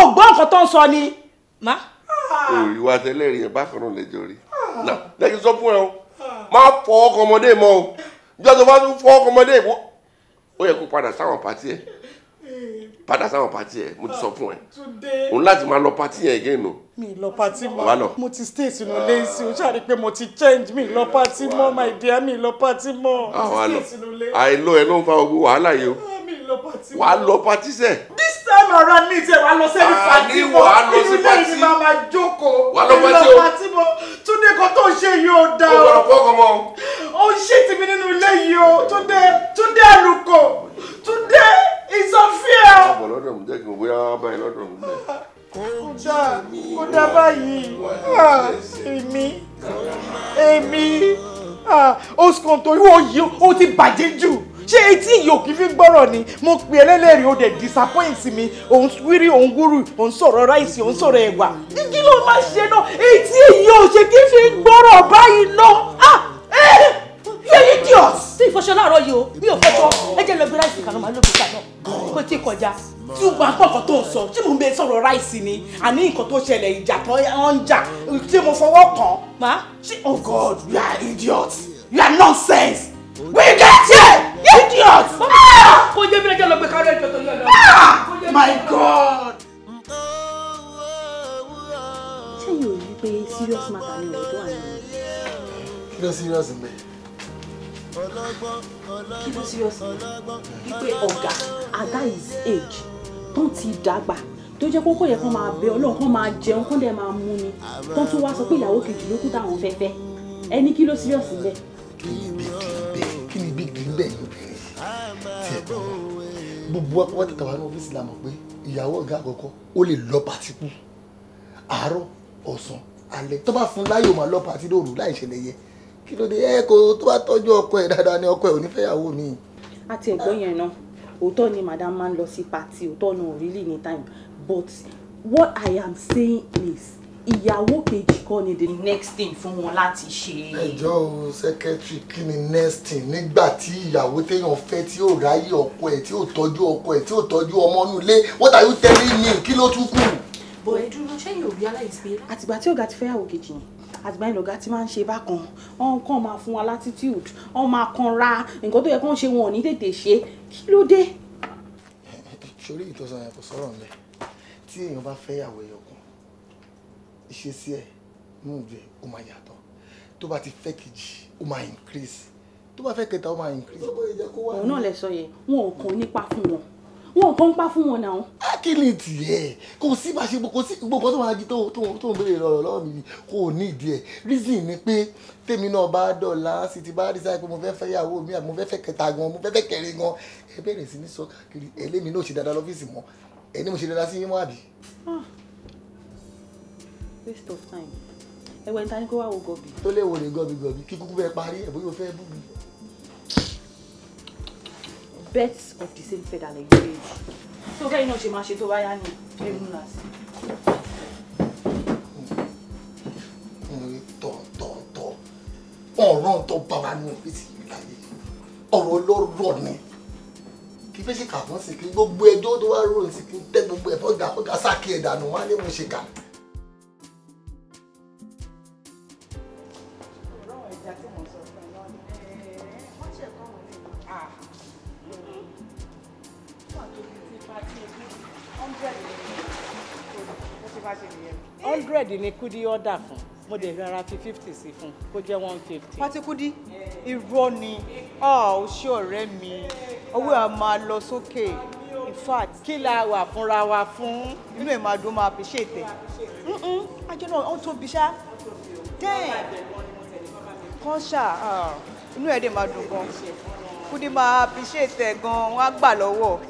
ọgbọ́n nǹkan tó ń sọ ni ìwà tẹlẹrìí ẹ bákan náà lẹjọ rí nà lẹkìn sọ fún ẹ o má fọ ọkọ ọmọdé mọ o ìjọ tó bá tún fọ ọkọ ọmọdé mọ ó yẹ kó padà sáwọn pàtí ẹ padà sáwọn pati ẹ mo ti sọ fún ẹ òun láti máa lọ pati yẹn again o. mi lọ pati mọ mo ti stay sínú lẹ́sìn o ṣáà rí i pé mo ti change mi lọ pati mọ my dear mi lọ pati mọ ah, mo ti stay sínú lẹ́sìn. àìlọ ẹ ló ń fa ogun wàhálà yìí o wàá ah, lọ pati sẹ. this time around mi tẹ wàá lọ sẹ́ni pati mọ inú ilé yìí máa ma jókòó wàá lọ pati mọ túndé kan tó ń ṣe yìí ó dá o. ó ń ṣe tèmi nínú ilé yìí o túndé túndé àlùkò túndé ìsọfíà. ọ̀pọ̀ lọ́dọ̀ mi jẹ́ kí n bóyá báyìí lọ́dọ̀ mi bẹ̀. kódà kódà báyìí ah, èmi èmi oskan ah, torí wọ́n yí ó ti bàjẹ́ jù ṣé etí ìyókì fi gbọ́rọ̀ ni mo pè ẹlẹ́lẹ́rìí ó dẹ̀ disappoint mi òun wírí òun gúrú òun sọ̀rọ̀ ráìsì òun sọ̀rọ̀ ẹ̀wà kí ló máa ṣe náà etí èyí ṣe kí fi gbọ́rọ̀ báyìí náà ah ẹ eh, yẹ idiot tí ìfọṣọ láàárọ̀ yìí o mi ò fọṣọ ẹ jẹ́ lọ gbé ráìsì kan máa lókè kan náà kó tí kọjá tí o máa pọ̀kàn tó ń sọ tí mò ń bẹ sọ̀rọ̀ ráìsì ni àní nǹkan tó ṣẹlẹ̀ ìjà tó ń jà tí mo fọwọ́ kàn má ṣe oh god you are idiot you are nonsense we get you idiot. kó jẹ́ bí ẹ lọ gbé kárẹ́ ìjọ tó yẹ lọ. Ah! my god. ṣé yóò rí pé serious matter ni ọ̀dọ́ àná. kí ló serious mẹ́ẹ̀ kí ló seriously wípé ọ̀gá at that age tó ti dàgbà tó jẹ́ kókó yẹ kó máa bẹ ọlọ́run kó máa jẹun kó dẹ̀ máa mú ni tó tún wá sọ pé ìyàwó kejì ló kú táwọn fẹ́ fẹ́ ẹni kí ló seriously bẹ́ẹ̀. kí ni big deal bẹ́ẹ̀ ni obìnrin tí ẹ̀ gbọ́n gbogbo akọ́wọ́ tẹ̀tẹ̀ wá ní ọ́fíìsì la mọ̀ pé ìyàwó ọ̀gá àkọ́kọ́ ó lè lọ pàtí kú àárọ̀ ọ̀sán alẹ́ tó bá fún láyò máa lọ pàtí lóru láì ṣẹlẹ̀ yẹ kí ló dé ẹ kó tó bá tọ́jú ọkọ ẹ̀ dáadáa ni ọkọ ẹ̀ ò ní fẹ́yàwó mi. àti ẹ̀gbọ́n yẹn náà òótọ́ ni madam máa ń lọ sí pati òótọ́ náà really ní time but what I am saying is ìyàwó kejì kọ́ ni the next thing fún wọn láti ṣe. ẹjọ́ o secretary kí ni next thing nígbà tí ìyàwó téèyàn fẹ́ tí yóò ráyè ọkọ ẹ̀ tí yóò tọ́jú ọkọ ẹ̀ tí yóò tọ́jú ọmọ inú ilé what are you telling me kí ló tún kù. bọ̀ ẹ dúró ṣé yóò rí aláìsí. àtìgbà tí ọ̀gá ti fẹ́ yàwó kejì yẹn àtìgbà yẹn lọ̀gá máa ń ṣe bákan ọ̀n kàn máa fún wa latitude ọ̀n máa kan ra nǹkan tó yẹ kó ń ṣe wọn ò ní tètè ṣe kí ló dé. sórí ìtọ́sán yẹn kò sọ̀rọ̀ ńlẹ̀ tí èèyàn bá fẹ́ yàwó ẹyọ kan ìṣesí ẹ̀ mú bẹ́ẹ̀ ó máa yàtọ̀ tó bá ti fẹ́ kejì ó máa increase tó bá fẹ́ kẹta ó máa increase. òun náà lẹ sọ yẹn wọn ò kàn nípa fún wọn wọn kàn ń pa fún wọn náà. akílì ah, tiẹ̀ kò sí bá ṣe kò sí gbogbo tó máa jí tó ń béèrè lọ́rọ̀ lọ́wọ́ mi kò ní ìdí ẹ̀ reason ni pé tèmi náà bá dọ̀la sì ti bá rí sáyé pé mo fẹ́ fẹ́ yàwó mi àbí mo fẹ́ fẹ́ kẹta gan mo fẹ́ fẹ́ kẹrin gan ẹ bẹ̀rẹ̀ sí ní sọ káàkiri ẹlẹ́mi náà ṣe dáadáa lọ́fíìsì mọ́ ẹ ní mo ṣe dáadáa sí yín mọ́ àbí. Ah. waste of time ẹ̀wẹ̀ ìtaníkó wà wo gọbì. tó léwo ni gọbì gọbì kí kúkú bẹ́ẹ̀ parí ẹ̀bùn yóò fẹ́ bú mi birds of the same feather like you so bẹ́ẹ̀ náà ṣe máa ṣe tó bá yá ni ẹ̀rù ńlá sí. tọ̀tọ̀tọ̀ ọ̀ràn tó bàbá nù fi sí ìlú láyé ọ̀rọ̀ ọlọ́rọ̀ ni kí fẹ́ ṣe kà fún sí kí gbogbo ẹjọ́ tó wá rò sí kí tẹ́ gbogbo ẹ̀fọ́ gà fọ́ sáà kí ẹ̀dà nù wá ní ṣe kà. ni kúdí ọ̀dà fún mo dẹ̀ fi ara fi fifty sí fún kó jẹ́ one fifty. pátíkúdí irọ́ ni ó ṣe ọ̀rẹ́ mi owó ẹ̀ máa lọ sókè in fact kí la wà fúnra wa fún inú ẹ̀ máa dùn máa fi ṣe tẹ̀ ajọ́ náà ó tóbi ṣá dẹ́ẹ̀ kan inú ẹ̀ dẹ̀ máa dùn gan kúdí máa fi ṣe tẹ̀ gan wọ́n á gbà lọ́wọ́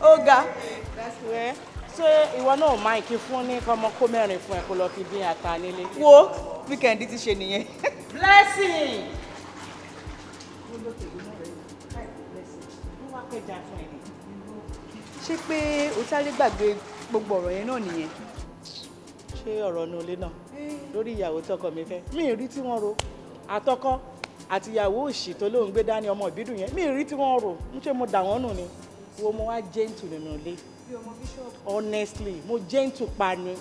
ó ga ṣé ìwọ náà máa ń kí fún ní kọ́mọ kó mẹ́rin fún ẹ lọ fi bí ata nílé. wo weekend ti ṣe nìyẹn. blessing. ṣé pé o sáré gbàgbé gbogbo ọ̀rọ̀ yẹn náà nìyẹn. ṣé ọ̀rọ̀ inú ilé náà eh. lórí ìyàwó tọkọ mi fẹ́ mi ì rí tí wọ́n ro àtọkọ àtìyàwó òṣì tó lóun gbé dání ọmọ ìbídùn yẹn mi ì rí tí wọ́n rò ń ṣe mo dà wọ́n nù ni wo mo wá jẹ́ǹtù nínú ilé honestly mo gentle pani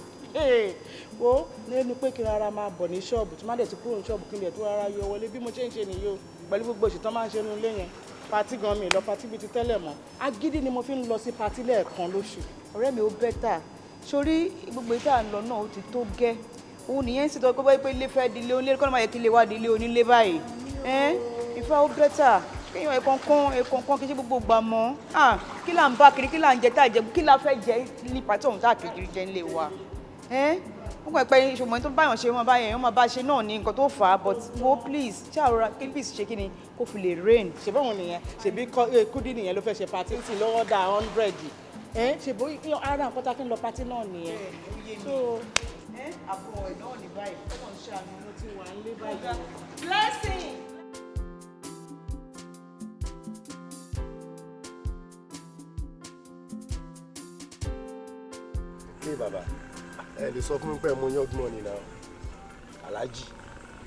wo nínú pé kí rárá máa bọ̀ ní ṣọ́ọ̀bù tí má dẹ̀ ti kúrò ní ṣọ́ọ̀bù kí n lè tó rárá yọ wọlé bí mo ṣe ń ṣe nìyó pẹ̀lú gbogbo ìṣètò máa ń ṣe nílé yẹn patí gan mi lọ patí bíi ti tẹ́lẹ̀ mọ́ agídí ni mo fi ń lọ sí patí lẹ́ẹ̀kan lóṣù. ọ̀rẹ́ mi ò bẹ́tà sórí gbogbo ìta àlọ́ náà ó ti tó gẹ́ òun nìyẹn ń ṣètò pé báyìí pé ilé fẹ́ di ilé onílé kọ́ni máa yẹ kéèyàn ẹ̀kọ̀ọ̀kan ẹ̀kọ̀ọ̀kan kì í ṣe gbogbo gbà mọ́ kí là ń bá kiri kí là ń jẹ tá jẹ kí là fẹ́ jẹ ní pàtó ọ̀hún tá kiri jẹ ńlẹ̀ wa ó kàn pé ìṣòwò tó báyọ̀ ṣe wọn báyẹn wọn bá ṣe náà ní nǹkan tó fà á but wo please ṣàrora kí please ṣe kí ni kó fi lè rain. ṣèbí òun nìyẹn ṣèbí eh, kúdí nìyẹn ló fẹ́ ṣe pati ń tì lọ́wọ́ dá hundred ṣèbí ara nǹkan tá a fi ń lọ pati náà nìyẹn. so àbọ̀ ẹ̀ náà ní báyìí ó kàn ṣe àmì ló wà ń lé báyìí. blessing. pé bàbá ẹ lè sọ fún mi mo yán ni náà aláàjì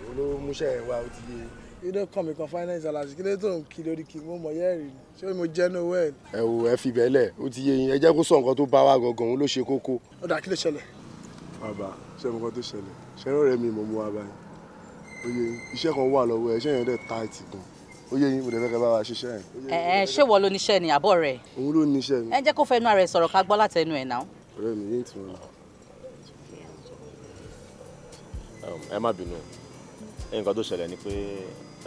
òun ló múṣẹ́ ẹ̀ ó ti yé. ilé kan mi kan finance aláàjì kí ló tó ń kí lórí kí mo mọ̀ yẹ́rì ni ṣé mo jẹ́ no well. ẹ wo ẹ fi bẹ́ẹ̀ lẹ̀ ó ti yé yín ẹ jẹ́ kó sọ nǹkan tó bá wa gangan òun ló ṣe kókó. ó dà kí ló ṣẹlẹ̀. bàbá ṣé mo kàn tó ṣẹlẹ̀ ṣé rẹ̀ mi mo mú wa báyìí ó iṣẹ́ kan wà lọ́wọ́ ẹ ṣé yẹn dẹ̀ táìtì gan ó yín mo lè fẹ́ kẹ́ bá wa ṣiṣẹ́ yẹn. ẹ ṣé wọ ló níṣẹ́ ni àbọ̀ rẹ̀. òun ló níṣẹ́ ni. ẹ jẹ́ kó fẹnu ara ẹ̀ sọ̀rọ̀ ká gbọ́ látẹnu ẹ̀ náà ọ̀rẹ́ mi yín tí wọ́n lọ. ẹ má bínú nǹkan tó ṣẹlẹ̀ ni pé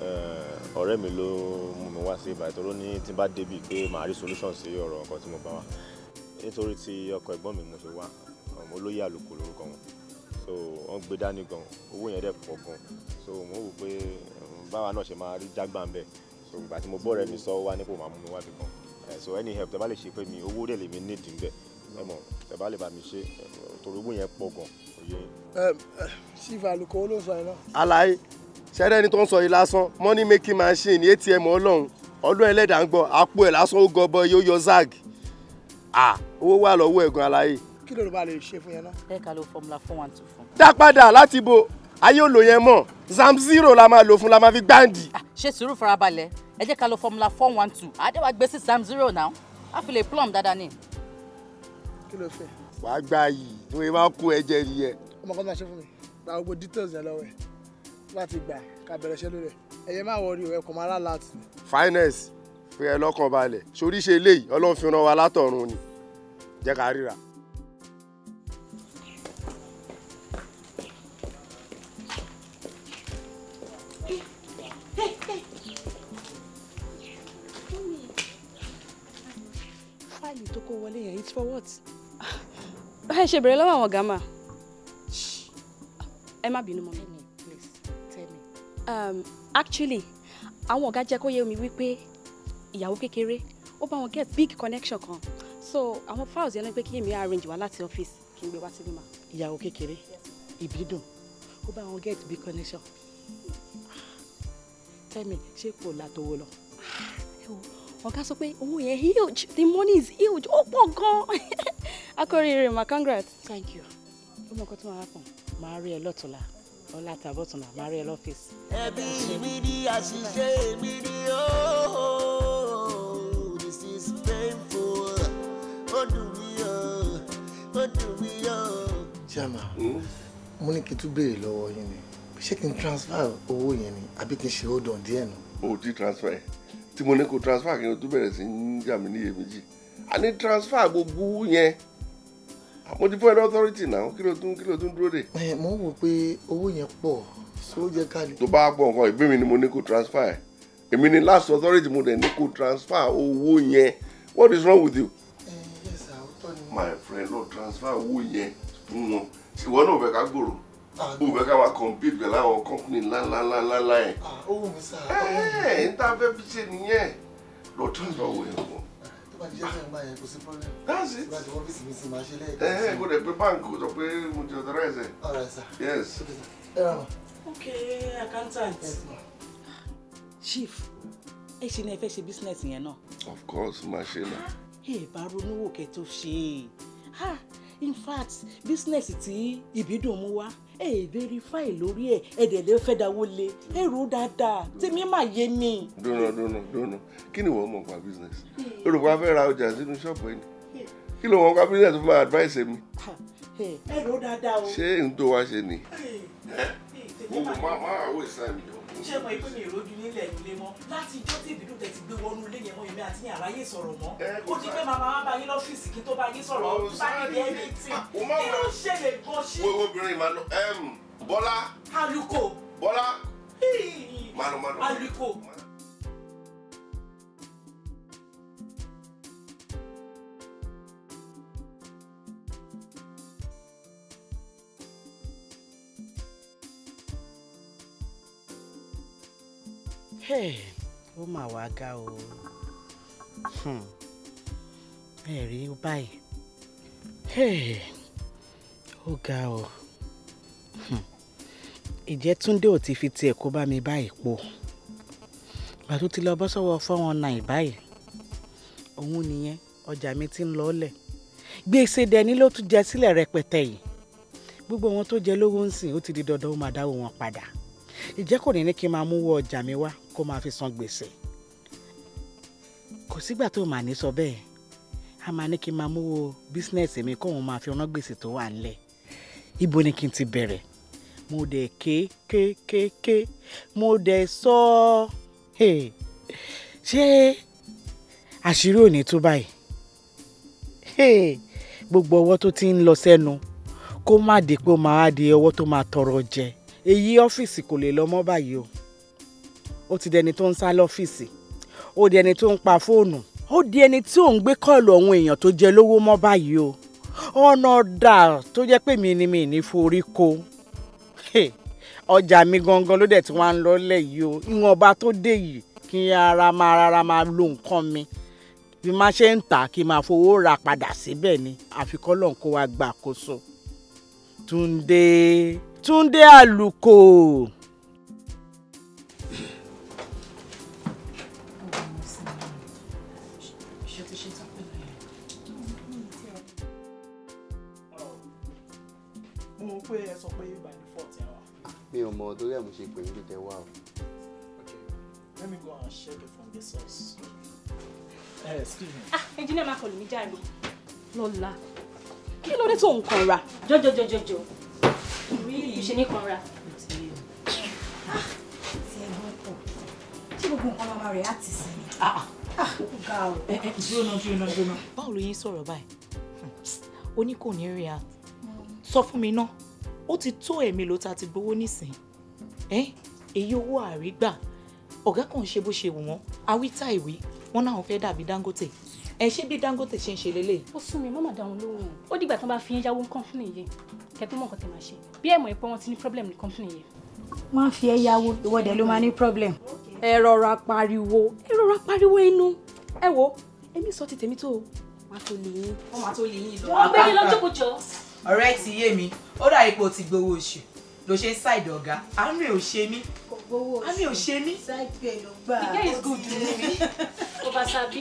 eh, ọ̀rẹ́ mi ló mú mi wá sí ìbàdàn tó ní tí n bá débi pé màá rí solution sí ọ̀rọ̀ nǹkan tí mo bá wà nítorí tí ọkọ ẹ̀gbọ́n mi mo ṣe wá um, olóyè àlùkò lórúkọ wọn so wọn gbé dání gan owó yẹn dẹ̀ pọ̀ gan so mo wò pé um, báwa náà ṣe máa rí jágbá ń bẹ̀ so ìgbà tí mo bọ́ ọ̀rẹ́ mi sọ wá nípò màá mú mi wá bí gan eh, so any help tẹ́ bá lè ṣe pé mi owó dẹ̀ lè mi nídìí ń bẹ̀ ẹmọ ẹ bá lè bá mi ṣe torógbó yẹn pọ̀ gan òye. sífà alukoro ló sọ yẹn náà. alaye ṣẹ́rẹ́ ẹni tó ń sọ yìí lásán money making machine atm ọlọ́run ọdún ẹlẹ́dàá ń gbọ́ àpò ẹ̀ lásán ó gọbọ yóò yọ zag owó wà lọ́wọ́ ẹ̀gàn alaye. kí ló ló bá lè ṣe fún yẹn náà. ẹ kà ló fọmùlà four one two fún. dá padà láti bo ayé ò lò yẹn mọ́ zam zero la máa lò fún la máa fi gbáǹdì. Ah, ṣe sùúrù farabalẹ̀ ẹ jẹ́ ká lo formula four one two àdéhùn àgbèsí zam zero náà á fi lè plum dáadáa ni kí ló fẹ́. wàá gba yìí tí wọ́n máa kó ẹ̀jẹ̀ nìyẹn. ọmọ kan máa ṣe fún mi gba gbogbo details yẹn lọ́wọ́ ẹ̀ wọ́n ti gbà ká bẹ̀rẹ̀ iṣẹ́ lórí ẹ̀ ẹ̀yẹ máa wọrí ẹ̀ kò máa rà láti. finance fi ẹ lọ́kàn balẹ̀ soríṣe eléyìí ọlọ́run fi ràn wá látọ̀run ni jẹ́ ká ríra. fáìlì tó kó wọlé yẹn it's for what? ẹ ṣe bèrè lọ́wọ́ àwọn gàmà. ẹ má bínú mọ́ mi. please tell me. Um, actually àwọn ọ̀gá jẹ́ kó yé mi wípé ìyàwó kékeré ó bá wọn get big connection kan so àwọn files yẹn ló pé kí arrange wá láti ọ́fíìsì kí n gbé wá sí bímọ. ìyàwó kékeré ìbídùn ó bá get big connection tell me ṣé kò látọwọ́ lọ. Ah, ọ̀gá sọ pé owó yẹn huge the money is huge ó pọ̀ gan akọrìrì ma congrats. thank you. ó mọ̀ hapụ tó máa happen máa rí ẹ lọ́tùnla mo ní kí n tún béèrè lọ́wọ́ yín ni ṣé kí n transfer owó yẹn ni àbí kí n ṣe hold on díẹ̀ nù. o transfer tí mo ní kó transfer kí n tó bẹ̀rẹ̀ sí ń jà mí níye méjì a ní transfer gbogbo yẹn mo ti fún ẹ lọ́tọ́rìtì náà kí ló tún kí ló tún dúró dè. ẹ mo ń wò pé owó yẹn pọ̀ so jẹ ká tó bá gbọ́ nǹkan ìbí mi ni mo ní kó transfer ẹ̀ èmi ni last authority mo dẹ̀ ní kó transfer owó yẹn what is wrong with you. ẹ yẹ sà ó ni. my friend lọ transfer owó yẹn fún wọn ìwọ náà ò fẹ́ ká gbòòrò ah, o bẹ ká wa compete pẹ̀lú àwọn company ńláńláńláńlá yẹn. ohun mi sá. ẹ ẹ n ta fẹ́ fi ṣe nìyẹn lọ transfer owó yẹn fún wọn bá that's it. láti ọ́fíìsì mi sì máa ṣe lẹ́yìn. ẹ ẹ kò dẹ̀ pé báńkì kò sọ pé mo ti sir. yes. ẹ rà mà. ok chief ẹ ṣe ni ẹ fẹ́ ṣe business yẹn náà. of course máa ṣe náà. Ah, ẹ bá ronú wò kẹ́ tó ṣe ah, in fact business tí ìbídùn mú wá ẹ ẹ verify lórí ẹ ẹ dẹ̀ lè fẹ́ dáwọ́ lé ẹ rò dáadáa tèmi mà yé mi. dùnà dùnà dùnà kí ni wọ́n mọ̀ pa business hmm. olùkọ́ afẹ́ ra ọjà sínú ṣọ́ọ̀bù ẹni hmm. kí ló wọ́n pa business fún advice mi. ẹ rò dáadáa o. ṣé n tó wá ṣe ni. Hmm. mo mọ àwọn àwọ̀ ìsáyẹ̀ mi jọ ṣé mo ìpín mi ìrójú nílẹ̀ nílé mọ́ láti ijó tí ìbínú tẹ̀ ti gbé wọnú ilé yẹn mọ́ èmi àti yín àráyè sọ̀rọ̀ mọ́ ó ti pé màmá wa bá yín lọ́fíìsì kí tó bá yín sọ̀rọ̀ bá yín bí ẹni tí kí ló ṣẹlẹ̀ gan ṣí. obìnrin ìmọ̀ bọ́lá. aluko. bọ́lá. manu manu. aluko. ó mà wá ga o hmm. ẹ rí báyìí ó ga o ìjẹ́ hmm. Túndé ò ti fi tiẹ̀ kó bá mi báyìí po ìgbà tó ti lọ bọ́ sọ́wọ́ fọ́wọ́n náà báyìí òun nìyẹn ọjà mi ti ń lọ́ọ́lẹ̀ gbèsè dẹni ló tún jẹ sílẹ̀ rẹpẹtẹ yìí gbogbo wọn tó jẹ lówó ń sìn ó ti di dandan ó máa dáwó wọn padà ìjẹ́ kò ní ní kí n máa mú wọ ọjà mi wá kó máa fi san gbèsè kò sígbà tó mà ní sọ bẹ́ẹ̀ a máa ní kí n máa mówó bísínẹ́sì mi kóun máa fi rán gbèsè tó wà ńlẹ̀ ibo ni kí n ti bẹ̀rẹ̀ mo dẹ̀ ké ké ké ké mo dẹ̀ sọ ṣé àṣírí ò ní tó báyìí gbogbo ọwọ́ tó ti ń lọ sẹ́nu kó má dé pé ó máa di ọwọ́ tó máa tọrọ jẹ èyí ọ́fíìsì kò lè lọ mọ́ báyìí o ó ti dẹni tó ń sá lọ́fíìsì ó dẹni tó ń pa fóònù ó di ẹni tí ò ń gbé kọ́ọ̀lù àwọn èèyàn tó jẹ lówó mọ́ báyìí o ọ̀nà ọ̀dà tó jẹ́ pé mi ni mi ní forí ko ọjà mi gangan ló dẹ̀ tí wọ́n á ń lọ́lẹ̀ yìí o ìwọ̀nba tó dé yìí kí ara máa rárá máa lo nǹkan mi bí má ṣe ń tà kí n máa fowó ra padà síbẹ̀ ni àfikọ́ lọ́n kó wa gbàkóso Túndé Túndé Àlùkò. ọmọ torí ẹ̀ ṣe pè é níbi o. let me go and check it from the source. Hey, eh, excuse me. ah engineer máa kọlù mí jáde lọ́la kí ló dé tó nǹkan ra jọjọjọjọjọ really ṣe ní kan ra. Ah, ti ẹ gbọ́ pọ̀ tí gbogbo nǹkan máa rẹ̀ á ti sìn ní. Ah, ah. ó ga o. Eh, eh, jóná jóná jóná. báwo ló yín sọ̀rọ̀ báyìí o hmm. ní kò ní rí a hmm. sọ fún mi náà ó ti tó èmi ló ta ti gbowó nísìn èyí owó àrígbà ọ̀gá kan ṣe bó ṣe wù wọ́n awítá ìwé wọn náà fẹ́ dàbí Dangote ẹ ṣé bí Dangote ṣe ń ṣe lélẹ̀. ó sún mi mọ́mọ́ dáhùn lóhùn ó dìgbà tán bá fi yín yáwó ní kọ́ńpínì yìí kẹ́ tó mọ̀ nǹkan tẹ̀ máa ṣe bí ẹ̀mọ̀ ẹ̀ pé wọ́n ti ní problem ní kọ́ńpínì yìí. wọ́n á fi ẹ yáwó ìwọ́dẹ ló máa ní problem. ẹ rọra pariwo ẹ rọra pariwo inú ẹ wo èmi sọ ti tèmi tó o máa tó lè yín. wọ́n máa tó lè yín lọ. ọgbẹ́ni lọ́jọ́ kò ọ̀rẹ́ ti yé mi ó dà ipò ti gbowó oṣù ló ṣe ń ṣàìdì ọ̀gá àánú ò ṣe mí àánú ò ṣe mí ìgbẹ́ is good to me kò bá sàbí.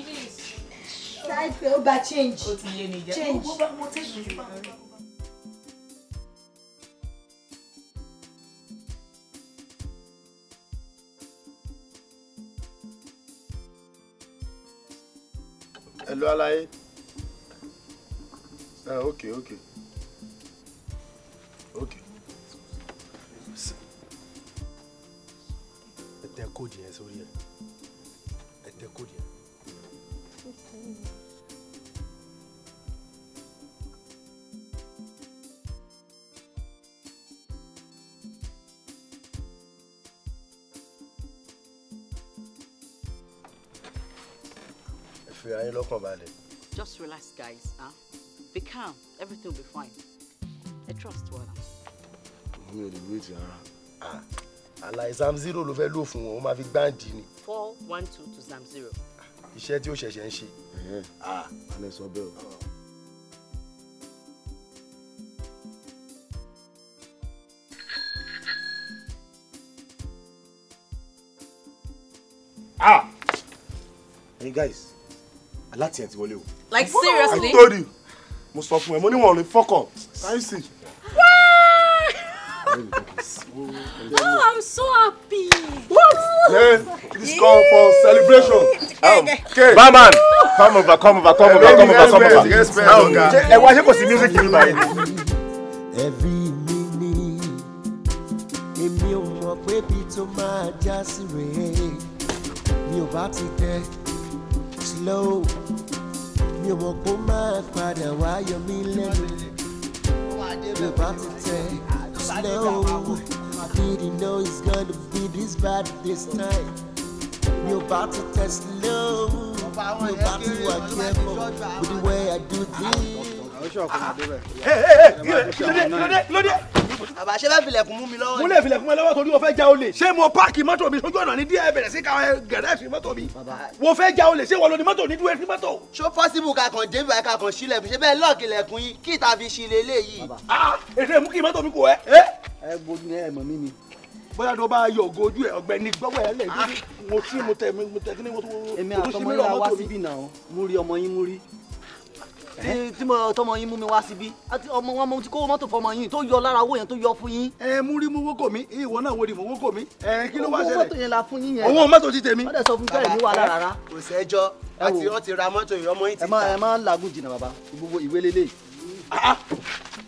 láìpẹ́ ó gba change change. hello aláyé uh, ah, okay, okay. kóòdù yẹn sórí ẹ̀ ẹ tẹ kóòdù yẹn. ẹ fi ayé lọ́kàn balẹ̀. Just relax, guys. Huh? Ah. Be calm. Everything will be fine. I trust Wala. I'm going to wait, huh? Ah àlàyé zam zero ló fẹ́ lò fún wọn ó máa fi gbáǹdì ni. four one two to zam zero. iṣẹ́ tí ó ṣẹ̀ṣẹ̀ ń ṣe. ẹ̀ẹ́ alẹ́ ah. sọ bẹ́ẹ̀ o. Ah. ah hey guys aláti ẹ̀ ti wọlé o. like seriously. i told you mo sọ fún ẹ mo ní wọn ò lè fọkàn i see. Oh, I'm so happy. What? Yes, this call for celebration. Um, okay. Barman, come over, come over, come over, come over, come over. Yes, now, ẹ eh, why you kò sí music in my Ẹbí mi ni èmi ò mọ̀ pé bí tó máa já sí rèé. Mi ò slow. Mi ò mọ̀ kó máa padà wá yọ mí lẹ́nu. Mi ò bá low. I didn't know it's gonna be this bad this time. You're about to test low. Mi ò bá tún careful with the way I do ah, things. Hey, hey, hey, kílódé, kílódé, kílódé bàbá ṣé fẹ́ filẹ̀kùn mú mi lọ́wọ́. mo lè filẹ̀kùn mi lọ́wọ́ torí o fẹ́ já olè. ṣé mo páàkì mọ́tò mi sójú ọ̀nà ní díẹ̀ bẹ̀rẹ̀ sí ka gẹ̀rẹ́sì mọ́tò mi. mo fẹ́ já olè ṣé wọ́n lo ni mọ́tò ní dúró sí mọ́tò. ṣó possible ká kàn dé báyìí ká kàn sílẹ̀kùn ṣé bẹ́ẹ̀ lọ́ọ̀kì lẹ̀kùn yìí kí ìta fi ṣe lélẹ̀ yìí. Ah, èdè mú kí mọ́tò mi kò ẹ́. ẹ eh? gbójú ẹ mọ̀ mí ni. bóyá tó bá yọ ògo ojú ẹ ọ̀gbẹ́ni gbọ́wọ́ ẹ lẹ̀ ah. mo sí mo tẹ̀ mo tẹ̀ kí ni mo tó. èmi àtọmọ yín wá síbí náà mo rí ọmọ yín mo rí tí mo tọmọ yín mú mi wá síbí ọmọ wọn mo ti kó mọ́tò fọmọ yín tó yọ lára owó yẹn tó yọ fún yín. ẹ mú rí mú wókò mi ìwọ náà wo ni mò ń wókò mi. ẹ kí ló wá ṣẹlẹ̀ owó mọ́tò yẹn la fún yín yẹn. owó mọ́tò ti tèmi. wọ́n dẹ̀ sọ fún bẹ́ẹ̀ ní wàhálà rárá. kò sẹ́jọ́ àti wọ́n ti ra mọ́tò ìyọmọ yín ti ta. ẹ má làágùn jìnnà bàbá gbogbo ìwé lélẹ̀ ah, ah.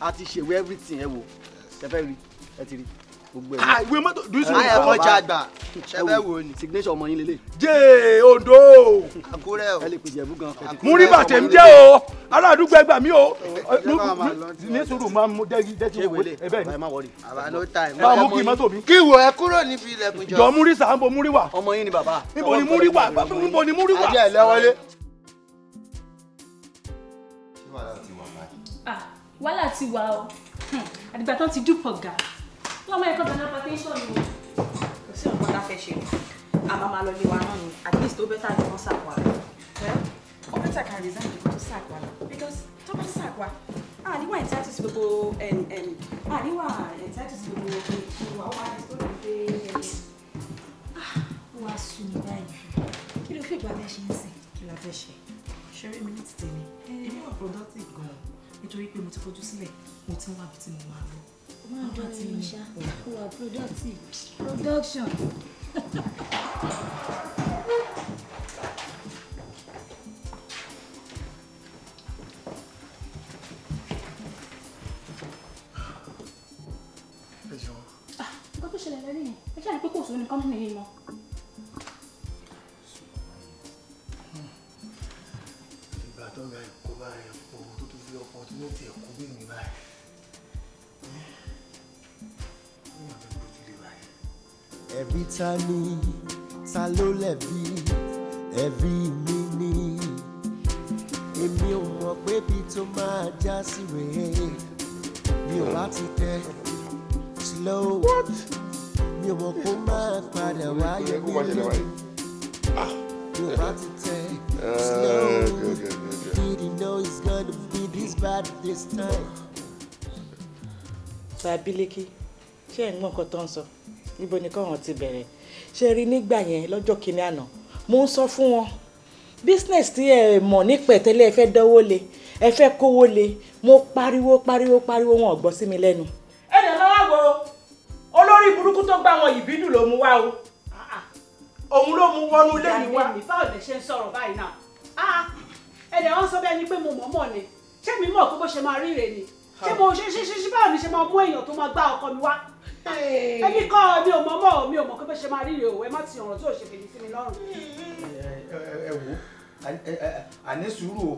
a ti ṣèwé everything ẹ wo ẹ fẹ́ rí ẹ ti rí gbogbo ẹ̀. Ah, ìwé mọ́tò dùsùn. ayé kọjá àgbà ṣẹbẹ wo ni. signature ọmọ yín lélẹ̀. jẹ́ odo. àkúrẹ́ o. ẹ lè pèsè ẹ̀bù gan. mú rí bàtẹ́ mi jẹ́ o ará àdúgbò ẹgbà mi o. ní sùúrù máa mú dẹ́gi dẹ́gi wọlé ẹ bẹ́ẹ̀ ni. báwo mú kí mọ́tò mi. kí wo ẹ kúrò níbi ilẹ̀kùn jọ. jọ múrí sàn bo múrí wà. ọmọ yín ni bàbá. níbo ni múrí wà níbo ni múrí wà. ajẹ́ ẹ̀ lẹ́wọ́lé. Ah, wàhálà ti wà o hm, àdìgbà tán ti dúpọ̀ ga lọ́mọ ẹ̀kọ́ bẹ̀rẹ̀ lọ́pọ̀ tẹ́ńsọ̀n ni kò sí nǹkan tá a fẹ́ ṣe àmọ́ máa lọ ilé wa náà ni at least ó bẹ́tà ni wọ́n sàkó àlọ́. ó bẹ́tà kan resign kò tó sàkó àlọ́ because tó bá sàkó à á níwà ìtàtù sí gbogbo á níwà ìtàtù sí gbogbo ìwà wa tó lè dé wá sùn ní ah, báyìí kí ló fẹ́ gbà bẹ́ẹ̀ ṣe ń sìn kí la fẹ́ ṣe ṣeré mi ní ti tèmi eh. èmi wà productive gan-an nítorí pé mo ti fojú sílẹ̀ mo ti ń wá ibi tí mo máa lọ máa dọ̀tí production. ta ni ta ló lẹ̀bi ẹ̀bi mi ni èmi ò mọ̀ pé bí tó máa mi ò bá ti tẹ slow mi ò mọ̀ kó máa padà wáyé mi ah. mi ò bá ti tẹ slow didn't know it's gonna be this bad this time. Sàbílíkì ṣé ẹ̀ ń gbọ́ nǹkan tó ń sọ ibo ni kọ́hún ti bẹ̀rẹ̀ ṣe rí nígbà yẹn lọ́jọ́ kìíní àná mo ń sọ fún wọn business tí ẹ mọ̀ nípẹ̀ tẹ́lẹ̀ ẹ fẹ́ dánwó le ẹ fẹ́ kówó le mo pariwo pariwo pariwo wọn ò gbọ́ sí mi lẹ́nu. ẹ dẹ̀ máa wá wo olórí burúkú tó gbá wọn ìbínú ló mú wá o ah, ah. òun ló mú wọnú ilé mi wá. ìyá mi báwo lè ṣe ń sọ̀rọ̀ báyìí náà ah, ẹ dẹ̀ wọ́n sọ bẹ́ẹ̀ ni pé mo mọ̀ mọ̀ ni ṣé mi mọ̀ pé bó ṣe máa rí rè ni ṣé mo ṣe ṣe ṣe báwo ni ṣe máa mú èèyàn tó máa gbá ọkọ mi wá ẹni kọ́ mi ò mọ́mọ́ mi ò mọ̀ pé bẹ́ẹ̀ ṣe máa ríre o ẹ má ti ọ̀rọ̀ tí ò ṣe fèyí sí mi lọ́rùn. ẹ wo àní sùúrù o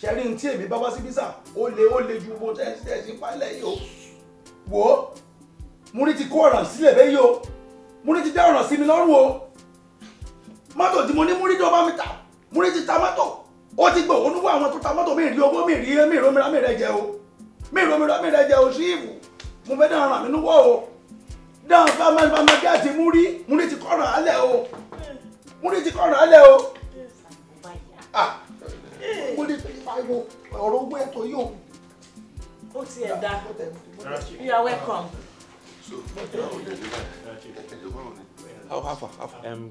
ṣe rí ní tí èmi bá wá sí bísà ó le ó le ju bó tẹ́ ẹ ṣe palẹ̀ yìí o wò ó múrí ti kó ọ̀ràn sílẹ̀ bẹ́ẹ̀ yìí o múrí ti dá ọ̀ràn sí mi lọ́rùn o mọ́tò tí mo ní múrí tí wọ́n bá mi ta múrí ti ta mọ́tò ó ti gbọ̀ òun àwọn tó ta mọ́tò mi rí owó mi rí mi rí omi rà mi rẹ̀ jẹ o mi rí mi rẹ̀ jẹ o sí mo fẹ́ dá ọ̀ràn mi níwọ̀ o dáhùn bá máa máa máa múrí múrí ti kọ́ràn alẹ́ o múrí ti kọ́ràn alẹ́ o. Ah, múrí ti pariwo ọ̀rọ̀ owó ẹ̀tọ́ yóò. ó ti ẹ̀ dá you are welcome.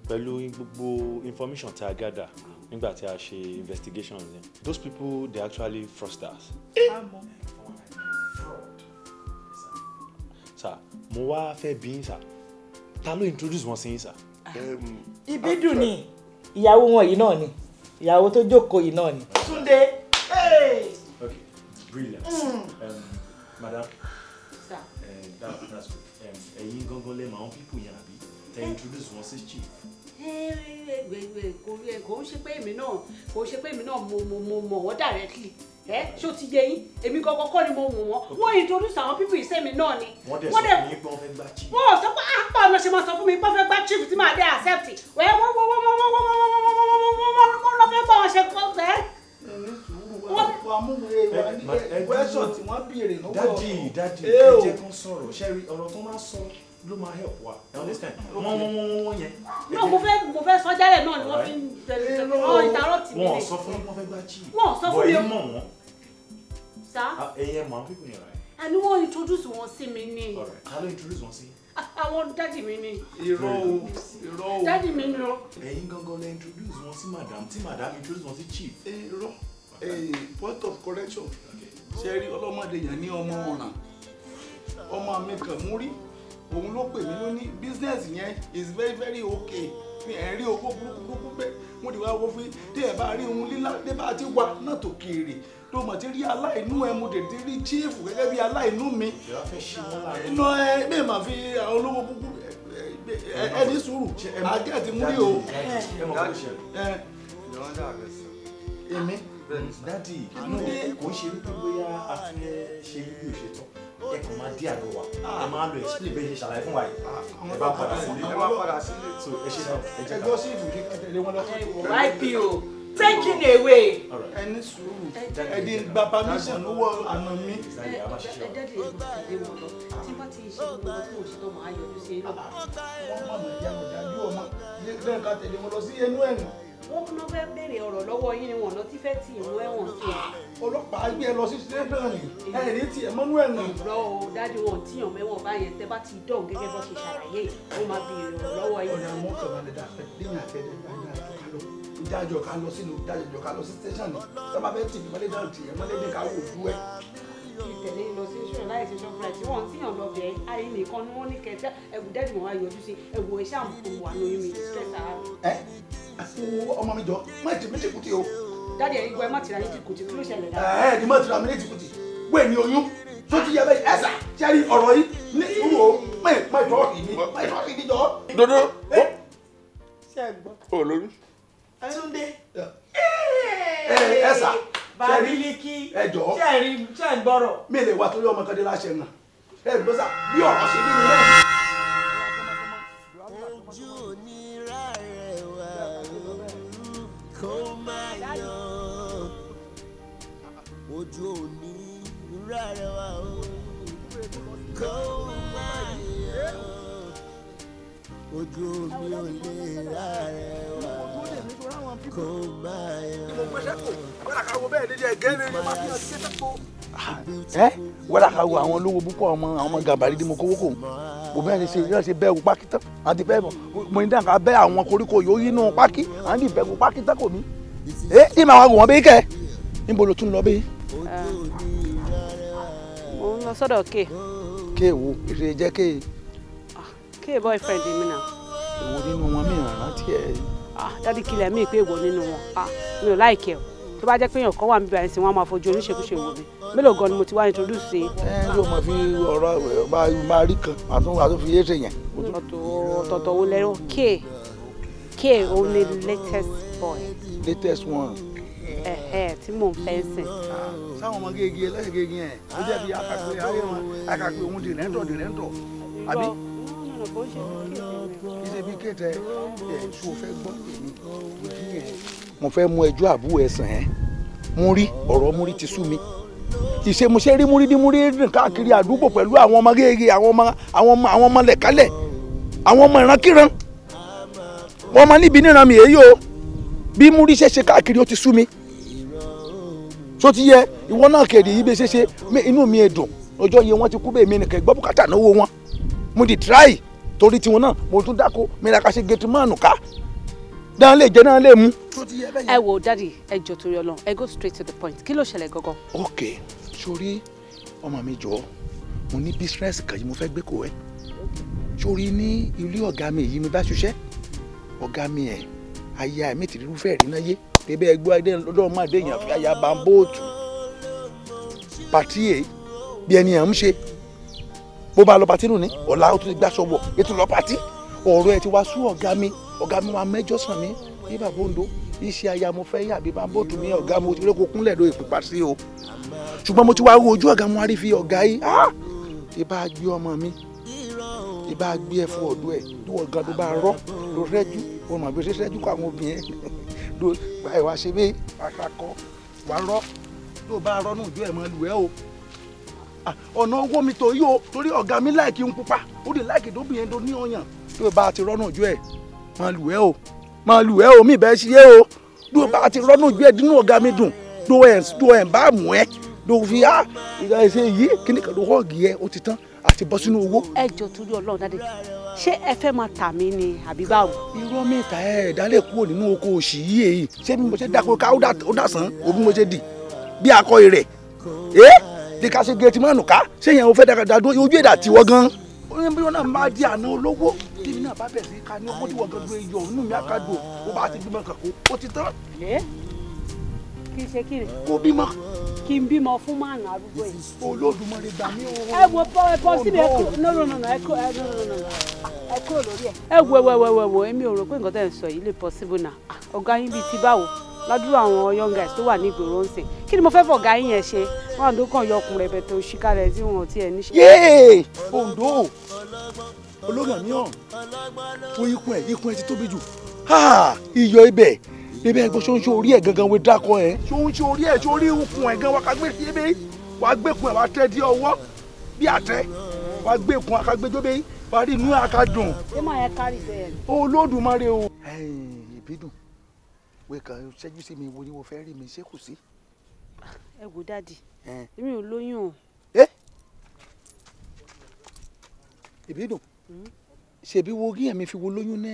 pẹ̀lú gbogbo information tí a gather nígbà tí a ṣe investigation those people they actually frost us. mo wá fẹ́ bí yín sà ta ló introduce wọn sí yín sà. Ìbídùn ni ìyàwó wọn yìí náà ni ìyàwó tó jókòó yìí náà ni. Túndé. ok brilliant mm. um, madam uh, that, that's good ẹ̀yin gangan lẹ́mọ̀ àwọn pípù yẹn àbí ẹ eh. introduce wọn sí chief kò rí ẹ kò ń ṣe pé èmi náà kò ń ṣe pé èmi náà mo mo mo mọ̀ wọ́n directly ẹ ṣó ti yẹ yín èmi kọ́kọ́ kọ́ ni mo wù wọ́n wọ́n introduce àwọn pípì ìsẹ́mi náà ni. wọ́n dẹ̀ sọ fún yín pé wọ́n fẹ́ gbá chief. wọ́n sọ pé àpá ọ̀nà ṣe máa sọ fún mi pé wọ́n fẹ́ gbá chief tí màá dé accept wẹ́ wọ́n wọ́n wọ́n wọ́n wọ́n wọ́n wọ́n wọ́n wọ́n wọ́n wọ́n wọ́n wọ́n lọ fẹ́ bá wọn ṣe kọ́ bẹ́ẹ̀. dadi dadi ẹ jẹ́ kán sọ̀rọ̀ ṣẹ́rí ọ̀rọ̀ tó máa sọ ló máa help wa ẹ understand wọn wọn wọn wọn yẹn. náà mo fẹ́ mo fẹ́ sọ jálẹ̀ náà ni wọ́n fi ń tẹ̀lé ìtàrọ̀ tì mí. wọn ò sọ fún mi wọ́n fẹ́ gbá chief. wọn ò sọ fún mi o. bọ̀ ẹ mọ̀ wọn sá. Ah, ẹyẹ mọ àwọn pípọ̀ yẹn rẹ. wọ́n introduce wọn sí mi ni. ká ló introduce wọn sí. àwọn dáàdì mi ni. irọ́ o irọ́ o. dáàdì mi ni o. ẹ̀yin gangan lẹ introduce wọn sí madam tí madam introduce wọn sí chief. irọ́ eh, point of correction ṣe rí ọlọ́mọdé yẹn ní ọmọ ọ̀ràn ọmọ mi kàn mú rí òun ló pè mí lóní business yẹn is very very okay ẹ̀ ń rí owó burúkú burúkú pé mo ti wá wo fi tí ẹ bá rí ohun lílá dé bá ti wà náà tó kéré tó mọ̀ ti rí aláìnú ẹ mo dẹ̀ ti rí chíìfù gẹ́gẹ́ bí aláìnú mi. iná ẹ bẹ́ẹ̀ máa fi àwọn olówó kúkú ẹ ní sùúrù àgẹ́ àti múrí o. ẹ mọ̀ kó ṣe. ìyọ̀ndà kò ń ṣe wípé bóyá a fẹ́ ṣe bí o ẹ kàn máa dí àgọ́ wa ah. ẹ máa lo explain bẹ́ẹ̀ ṣe ṣàlàyé fún wa yìí ah, ẹ bá padà sílé ẹ bá padà sílé so ẹ ṣe náà ẹ jẹ́ ká. ẹgbẹ́ sí ìbùdí tẹ̀lé wọn lọ́kọ́. ipo taking away. ẹni sùúrù ẹni gba permission lọ́wọ́ àna mi. wọ́n mọ̀ mọ̀ ìyá ọ̀dà yóò mọ̀ lẹ́yìn ká tẹ̀lé wọn lọ sí ẹnu ẹ̀nà wọ́n kúná fẹ́ béèrè ọ̀rọ̀ lọ́wọ́ yín ni wọ́n lọ ti fẹ́ tì í ẹ̀wọ̀n sí ẹ. ọlọ́pàá gbé ẹ lọ sí sílẹ̀ náà ni ẹ rí ti Emmanuel rọ o dájú wọn tí yàn mẹ́wọ̀n bá yẹn tẹ́ bá ti dán gẹ́gẹ́ bó ṣe ṣàlàyé ó máa béèrè ọ̀rọ̀ lọ́wọ́ yín. ọ̀nà mọ́tò balẹ̀ dà pẹ́ lẹ́yìn àtẹ̀lẹ́ ìdájọ́ ká lọ sínú ìdájọ́ ká lọ sí kí tẹ̀lé lọ sí ṣùgbọ́n láì ṣe ṣọ́kùnrin tí wọ́n ti yàn lọ bẹ̀ẹ́ ayé nìkan ni wọ́n ní kẹtẹ́ ẹ̀wù dẹ́dì mọ́ ayọ̀jú sí ẹ̀wù ẹ̀ṣẹ́ àmukùn wà lóyún mi stress ara mi. ẹ ọmọ mi jọ má ti méjì kùtì o. dáàdi ẹ̀yin gbọ́ ẹ má tira yín ti kùtì kí ló ṣẹlẹ̀ dáa. ẹ ẹ ní má tira mi ní ti kùtì wẹ́ẹ̀ ni oyún tó ti yẹ bẹ́ẹ̀ ẹ̀sà ṣe rí ọ̀rọ̀ yìí ní ìwò má ìtọ́ ìdí má ìtọ́ ìdí jọ. dodo ó ṣe é gbọ́. ó lórí. ẹ ló ń dé. ẹ ẹ ẹ̀sà bàbílíkì ẹjọ ṣẹrin ṣẹrin gbọrọ. mi lè wá torí ọmọ kan dé láṣẹ náà ẹ ẹ gbọ́sà bí ọ̀rọ̀ ṣe bí mi ojú onírà rẹ̀ wà kó máa yọ ojú onírà rẹ̀ wà kó máa yọ ojú mi ò lè rà rẹ̀ wà kò máa yọ. mo gbẹ́sẹ̀ wọ́n àkàwọ̀ bẹ́ẹ̀ àwọn olówó púpọ̀ ọmọ àwọn gàbàrí ni mo kówó kò mo bẹ́ẹ̀ ṣe yọ ṣe bẹ́ẹ̀ wo pákí tán àti bẹ́ẹ̀ mọ̀ mo ní dáǹkà bẹ́ẹ̀ àwọn koríko yóò yínú pákí à ń dì bẹ́ẹ̀ wo pákí tán kò mí. ẹ ẹ máa wọ wọn bí kẹ níbo ló tún lọ bí. mo ń lọ sọ́dọ̀ kéè. kéè wo ìrèjẹ́ kéè. Ah, kéè boyfriend mi náà. èwo nínú wọn mi ràn án Ah, dádì kìlẹ̀ mí pé èwo nínú wọn ah, mi ò láìkẹ́ o tó bá jẹ́ pé èèyàn kan wà níbi àìsàn wọn máa fojú oníṣekúṣe wò mí mélòó gan ni mo ti wá introduce sí. ẹ yóò máa fi ọ̀rọ̀ ọba máa rí kan àtún wà fi yé ṣèyàn. ọ̀tọ̀ọ̀tọ̀ wo lẹ́rọ k k only latest boy. latest one. ẹ ẹ tí mò ń fẹ́ sìn. sáwọn ọmọ gègé ẹlẹ́sìn gègé ẹ̀ ó jẹ́ bí akàgbé ayé wọn akàgbé òun dìrẹ́ńtọ̀ dìrẹ́ńtọ̀ àbí. iṣẹ́ bí kéde ẹ̀ tó fẹ́ gbọ́ èmi ojú yẹn mo fẹ́ mú ẹjọ́ àbúrò ẹ̀sán ẹ̀ múrí ọ̀rọ̀ múrí ti sú mi rí rìn káàkiri àdúgbò pẹ̀lú àwọn ọmọ gègé àwọn ọmọ àwọn ọmọ àwọn ọmọ àwọn ọmọ ìrankíran wọn máa níbi níran mi èyí o bí múrí ṣe káàkiri ó torí tiwọn náà mo tún dáko mi ra ká ṣe gẹtìmọ́ọ̀nù ká dáná lè jẹ dáná lè mú. ẹ wo dadi ẹ jọ torí Ọlọ́run ẹ go straight to the point kí ló ṣẹlẹ̀ gangan. ok sori ọmọ mi jọ mo ní business kan yìí mo fẹ́ gbé kó ẹ sori ní ilé ọ̀gá mi èyí mi bá ṣiṣẹ́ ọ̀gá mi ẹ̀ aya mi ti rúfẹ́ rí náà yé tẹ́bẹ́ ẹgbẹ́ adé lọ́dọ̀ máa dé yàn fi aya bá ń bóòtù pàtí ẹ̀ bí ẹni à ń ṣe bó bá lọ pàtí nù ní ọ̀la ó tún ti gbàṣọ wọ̀ ètò lọ pàtí ọ̀rọ̀ ẹ̀ ti wá sún ọ̀gá mi ọ̀gá mi máa mẹ́jọ sàn mí ní bàbá òǹdó iṣẹ́ aya mo fẹ́ yà bí bá bóòtù ní ọ̀gá mo ti rékò kúnlẹ̀ ló ìpípa sí o ṣùgbọ́n mo ti wá ojú ọ̀gá mo wá rí fi ọ̀gá yìí ìbá gbé ọmọ mi ìbá gbé ẹ fún ọ̀dọ́ ẹ̀ ní ọ̀gá tó bá rọ́ ló rẹ́jú òun àbí ṣe rẹ́jú kó àwọn obìnrin ló gba ìwà ṣe bẹ́ẹ̀ wàá ṣakọ wàá rọ́ tó bá rọ́ nù ojú ẹ̀ mọ́ lù ẹ́ o Ah, ọ̀nà owó mi tó yí o torí ọ̀gá mi láìkí ń pupa ó lè láìkí tó bìyẹn tó ní ọ̀yàn tó bá ti rọ́nà ojú ẹ̀ máa lù ẹ́ o máa lù ẹ́ o mi bẹ́ẹ̀ ṣe é o tó bá ti rọ́nà ojú ẹ̀ dínú ọ̀gá mi dùn tó ẹ̀ tó ẹ̀ bá mú ẹ tó fi á ṣe yìí kíní kan tó họ́ọ̀gì ẹ ó ti tán àti bọ́ sínú owó. ẹ jọ torí Ọlọ́run dáadé ṣé ẹ fẹ́ máa tà mí ni àbí báwo. irọ́ mẹ́ta ẹ̀ dálẹ̀ kúrò nínú oko òṣì yìí èyí ṣé bí mo ṣe dáko ká ó dà sán òbí mo ṣe dì bí akọ ìrẹ̀ ẹ́ di ká ṣe géètì mọ́nù ká ṣé yẹn o fẹ́ dàgbà dúró ojú èdè àtiwọ́ gan. oyin bí wọn náà máa di àná olówó tíbi náà bá bẹ̀ sí ká ní owó tí wọ́n gan gbé yọ nínú mi àkàdùn o bá ti bímọ kàkó o ti tán. kì í ṣe kí ni. kó bímọ. kí n bímọ fún márùn arúgbó yìí. Olódùmarè gbà mí o. ẹ wo bọ ẹ bọ síbi ẹ kúrò nọ́nọ́nọ́nọ́ ẹ kúrò ẹ kúrò lórí ẹ. ẹ wo ẹ wo ẹ wo èmi ò rò pé nǹkan tẹ̀ ń sọ yìí lè possible náà ọ̀gá yín bíi ti báwo ládùúrú àwọn young guys tó wà ní ìgboro ńsìn kí ni mo fẹ́ fọ̀gá yín yẹn ṣe wọn àdó kàn yọ ọkùnrin ẹ̀bẹ̀ tó ṣìkà rẹ̀ tí wọn ò tiẹ̀ níṣẹ́. yéè ondo olóògùn mi hàn fún ikùn ẹ ikùn ẹ ti tóbi jù iyọ̀ ibẹ̀ bébí ẹgbẹ́ ṣóńṣó orí ẹ̀ gangan wé dákọ̀ ẹ̀. ṣóńṣó orí ẹ̀ ṣó rí ikùn ẹ̀ gan wákàgbé ebè wàgbẹ́kùn ẹ̀ wá tẹ́ di ọwọ́ bí àtẹ wàgbẹ́kùn àkàgbẹ́jọ́bẹ́ wàá rí inú àkàdùn. ṣé máa yẹ kárí bẹ́ẹ̀ ni. olódùmarè o. ìbídùn wẹ́ẹ́ kan ṣẹ́jú sí mi wo ni mo fẹ́ rí mi ṣé kù sí. ẹ wò dáàdì èmi ò lóyún o. ẹ ìbínú ṣèbí hmm? wo kí ẹ̀mí fi wo lóyún ní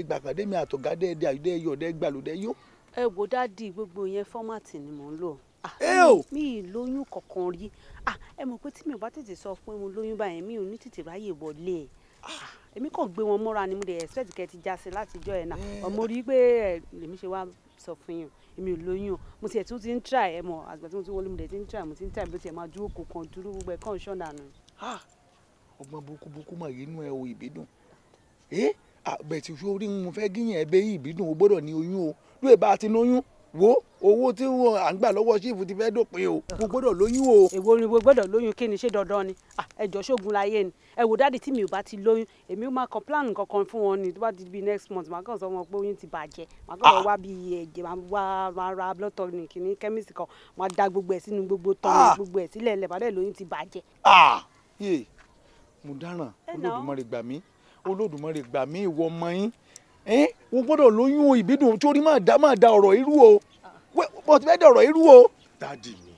ìgbà pàdé mi àtọ̀gádé ẹ̀dẹ àyùdẹ ẹ̀yọ̀ ọ̀dẹ gbàlódé yó. ẹ wò dáàdì gbogbo yẹn fọ́màtì ni mò ń lò ah, mi ì lóyún kankan rí ah, ẹ mọ̀ pé tí mi ò bá tètè sọ pé mo lóyún báyẹn mi ò ní tètè ráyè wọlé ẹ̀. Ah èmi kàn gbé wọn mọ́ra ni mo dẹ̀ expect kẹ́ ti já sí látijọ́ ẹ̀ náà eh. ọmọ rí pé eh, èmi ṣe wá sọ fún yàn èmi ò lóyún o mo tiẹ̀ tún ti ń try ẹ mọ̀ àgbà tí mo ti wọlé mo dẹ̀ ti ń try mo ti ń try bí ó tiẹ̀ máa dúró kó kan dúró gbogbo ẹ̀ kàn ń ṣọ̀nà nù. Ah! ọgbọ́n burúkú burúkú mà yé inú ẹ o ìbídùn ẹ eh? ah, bẹ̀tì sórí mo fẹ́ gíyàn ẹ bẹ́ẹ̀ ìbídùn o gbọ́dọ̀ ní oyún o lóye bá a ti lóyún wo owó tí wọn à ń gbà lọ́wọ́ ṣíìfù ti fẹ́ dópin o mo gbọ́dọ̀ lóyún o. èwo ni mo gbọ́dọ̀ lóyún kí ni ṣé dandan ni ẹjọ́ ṣoògùn láyé ni ẹ wò dáàdi tí mi ò bá ti lóyún èmi ó máa kàn plan kankan fún wọn ni tó bá ti di next month màá kàn sọ wọn pé oyún ti bàjẹ́ màá kàn wọ́n ah. wá bí ẹ̀jẹ̀ màá wá máa ra blood tonic ní chemist kan màá da gbogbo ẹ̀ sínú gbogbo tonic ah. gbogbo ẹ̀ sílẹ̀ lẹ̀ bàdẹ́ lóyún ti bàjẹ́. Ah, yé mo dáràn Olódùmarè gbà mí Olódùmarè gbà mí ìwọ ọmọ yín wọ́n gbọ́dọ̀ lóyún o ìbídùn torí máa da máa da ọ̀rọ̀ irú o bọ́ọ̀tì bẹ́ẹ̀ dọ̀rọ̀ irú o. dáàdì mi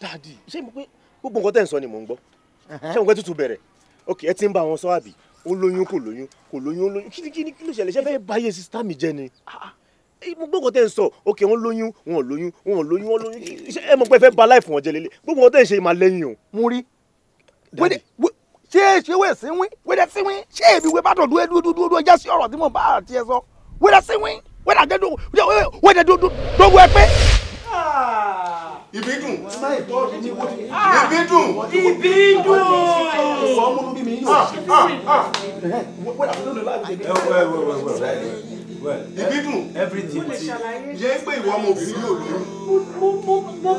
dáàdì ṣé mo pé gbogbo nǹkan tẹ̀ ń sọ ni mò ń gbọ́ ṣé mo pé tuntun bẹ̀rẹ̀ ok ẹ ti ń bá wọn sọ àbí ó lóyún kò lóyún kò lóyún ó lóyún kí ni kí ni kí ló ṣẹlẹ̀ ṣé fẹ́ báyé sísítà mi jẹ́ ni ah, ah. mo gbọ́ nǹkan tẹ́ ń sọ ok wọ́n lóyún wọn ò lóyún wọn ò lóyún wọn lóyún ẹ mọ̀ pé ẹ fẹ́ ba láìfọ̀ wọn jẹ lélẹ̀ gbogbo nǹkan tẹ́ ń ṣe máa lẹ́yìn o. mo rí ṣé ṣé wẹ́ẹ̀ síwín wẹ́dẹ́ síwín ṣé èmi wẹ́ẹ́ bá dọ̀ dúró dúró dúró dúró já sí tí mo bá àti ẹ sọ wẹ́dẹ́ síwín wẹ́dẹ́ àjẹ́ wẹ́dẹ́ dógún ẹ pé. ìbídùn ìbídùn ìbídùn ọmọlúbí mi yóò ṣe fún mi ibi dùn everything ti yẹ pé ìwọ ọmọ obìnrin yóò lóyún. mo mo mo mo mo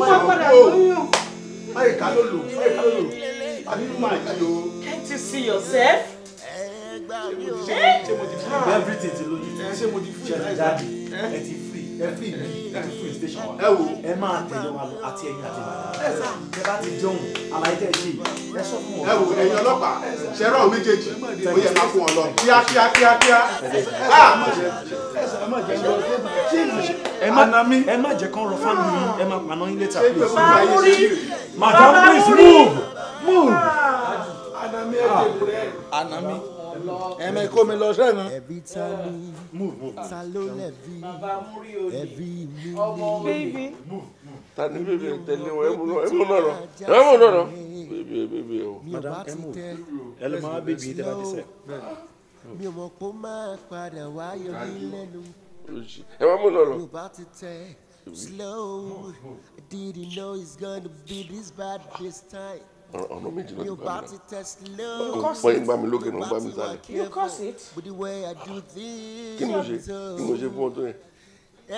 máa padà lóyún. Máyì ká ló lò, máyì ká ló lò. Àbí mo máa jáde o. Can't you see yourself? Ṣé mo ti fi everything ti lójú tí ṣé mo ti fi jáde? Ẹ ti fi ẹ fi ẹ ti fi station wa. ẹ wo ẹ máa tẹ̀lé wa lọ àti ẹ̀yin àti bàbá. ẹ bá ti jẹun àlàyé tẹ̀ ṣe ẹ sọ fún wọn. ẹ wo ẹ̀yin ọlọ́pàá ṣẹrọ méjèèjì ó yẹ ká fún wọn lọ kíákíá kíákíá. Ah! ẹ má ẹ má jẹ kán rọ fáwọn yìí ẹ má paná yín létà. madam please move move. Ah. anami ẹ jẹ bùrẹ. anami ẹ̀mẹ̀ kó mi lọ sẹ́nu. ẹ̀bí ta ló ta ló lẹ̀bi ẹ̀bí mi ni. ta ni bèbè tẹ̀lé wọn ẹ̀mú náà ẹ̀mú náà ẹ̀mú náà bèbè bèbè o. madam ẹ̀mú ẹlẹ́mọ̀ á bèbè yìí dára dísẹ́. mi ò mọ̀ kó máa padà wáyọ̀ ní lẹ́nu. ẹ náà lọ. mi ò bá ti tẹ̀ slow didn't know it's gonna be this bad this time ọ̀nà méjì ló ti bá mi náà ó pẹ́ ń bá mi lókè náà ó bá mi sálẹ̀ kí ni mo ṣe kí mo ṣe fún ọtún yẹn.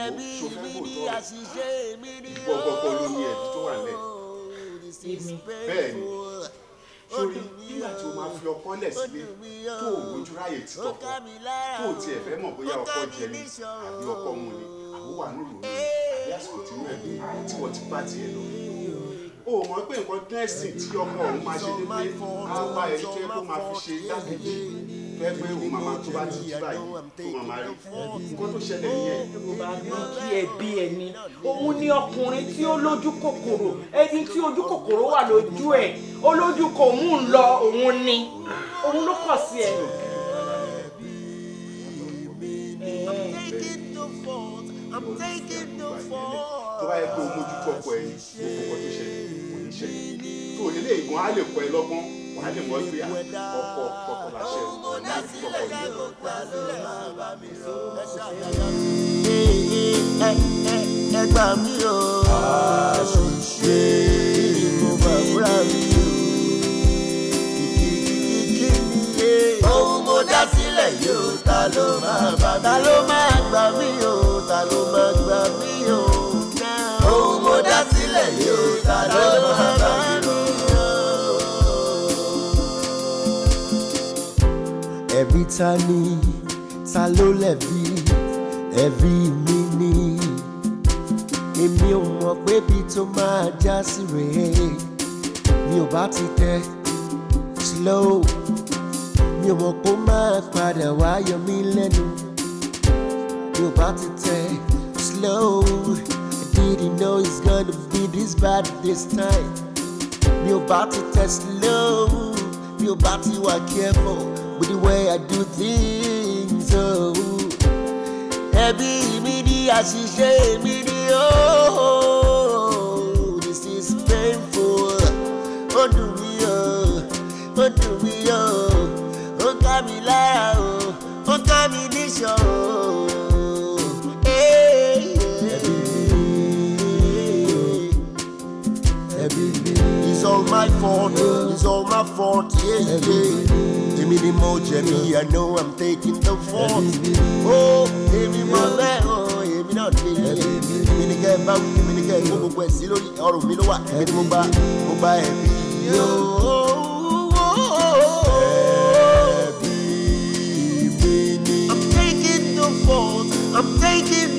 ẹ̀mí mi ni àṣìṣe mi ìbọn kọ́kọ́ ló ní ẹ̀bí tó wà lẹ̀ bẹ́ẹ̀ ni sórí nígbà tí o máa fi ọkọ lẹ̀ sílé tó o gbójú ráyè títọ́ kọ tó o tiẹ̀ fẹ́ mọ̀ bóyá ọkọ jẹ ni àbí ọkọ mu ni àbúwà nílùú ni àbí àsìkò tí wọ́n ẹ̀ bí tí wọ́n ti bá tiẹ̀ lọ o mọ̀ pé nǹkan dẹ́sìn tí ọkọ òun máa ṣe ní pé àwa ẹ̀ tó yẹ kó máa fi ṣe dágbére tó pé òun màmá tó bá ti jí báyìí tó màmá rí nǹkan tó ṣẹlẹ̀ yẹn. yorùbá ní kí ẹbí ẹni òun ni ọkùnrin tí ó lójú kòkòrò ẹni tí ojú kòkòrò wà lójú ẹ̀ olójú kò mú lọ òun ni òun ló kọ̀ sí ẹ. tó bá yẹ pé o mójútó ọkọ ẹ gbogbo nǹkan tó ṣẹlẹ̀ kò ní ṣẹlẹ̀ tó nílé ìgbọ̀n á lè kọ́ ẹ lọ́gbọ́n wàá lè mọ̀ pé ah, ọkọ ọkọ làṣẹ ọkọ láti ọkọ yìí. ẹ gbà mí o ṣe mo bá fúra mi o kìkìkì ohun mo dá sílẹ̀ yìí o ta ló máa bá mi. litany, ta ló lẹ̀bi ẹ̀bi mi ni? Èmi ò mọ̀ pé bí tó máa já sí rèé, mi ò bá ti tẹ slow, mi ò mọ̀ pé ó máa padà wá yọ mí lẹ́nu, mi ò bá ti tẹ slow. I didn't know it's gonna be this bad this time. Mi ò bá ti tẹ slow, mi ò bá ti wà careful with the way I do things. Oh, ẹbí mi ni shame, me ni oh, this is painful. Ó dùn mí Oh do oh. mi lára oh. Oh do mi oh. Oh ka mi oh. o o ka mi niso o. It's all my fault, oh. it's all my fault, yeah, yeah. Give me the mojo, I know I'm taking the force. Oh, me oh, me not me. Give me the guy wa, mumba, mumba I'm taking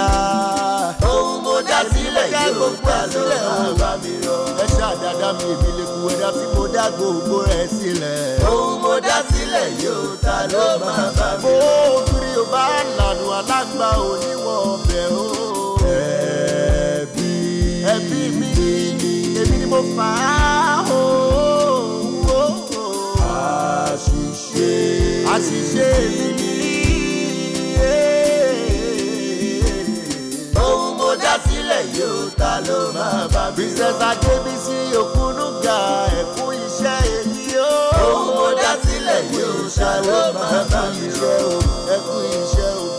the gbogbo ẹ̀ sílẹ̀ o. ẹ ṣàdàdà mi èmi lè kú ẹ̀dá tí mo dá gbogbo rẹ̀ sílẹ̀. ohun mo dá sílẹ̀ yóò ta ló máa bá mi rọ. ó kiri ò bá lànà alágbà oníwọ̀n ọbẹ̀ o. ẹbí ẹbí mi èmi ni mo fà á o. àṣìṣe àṣìṣe mi ni. yóò ta ló máa bá mi. Princess Adébísí Òkúnúgà ẹ̀kún iṣẹ́ èyí ó. Ohun mo dá sílẹ̀ yóò ṣàlọ́ máa bá mi ṣe o. Ẹ̀kún iṣẹ́ o.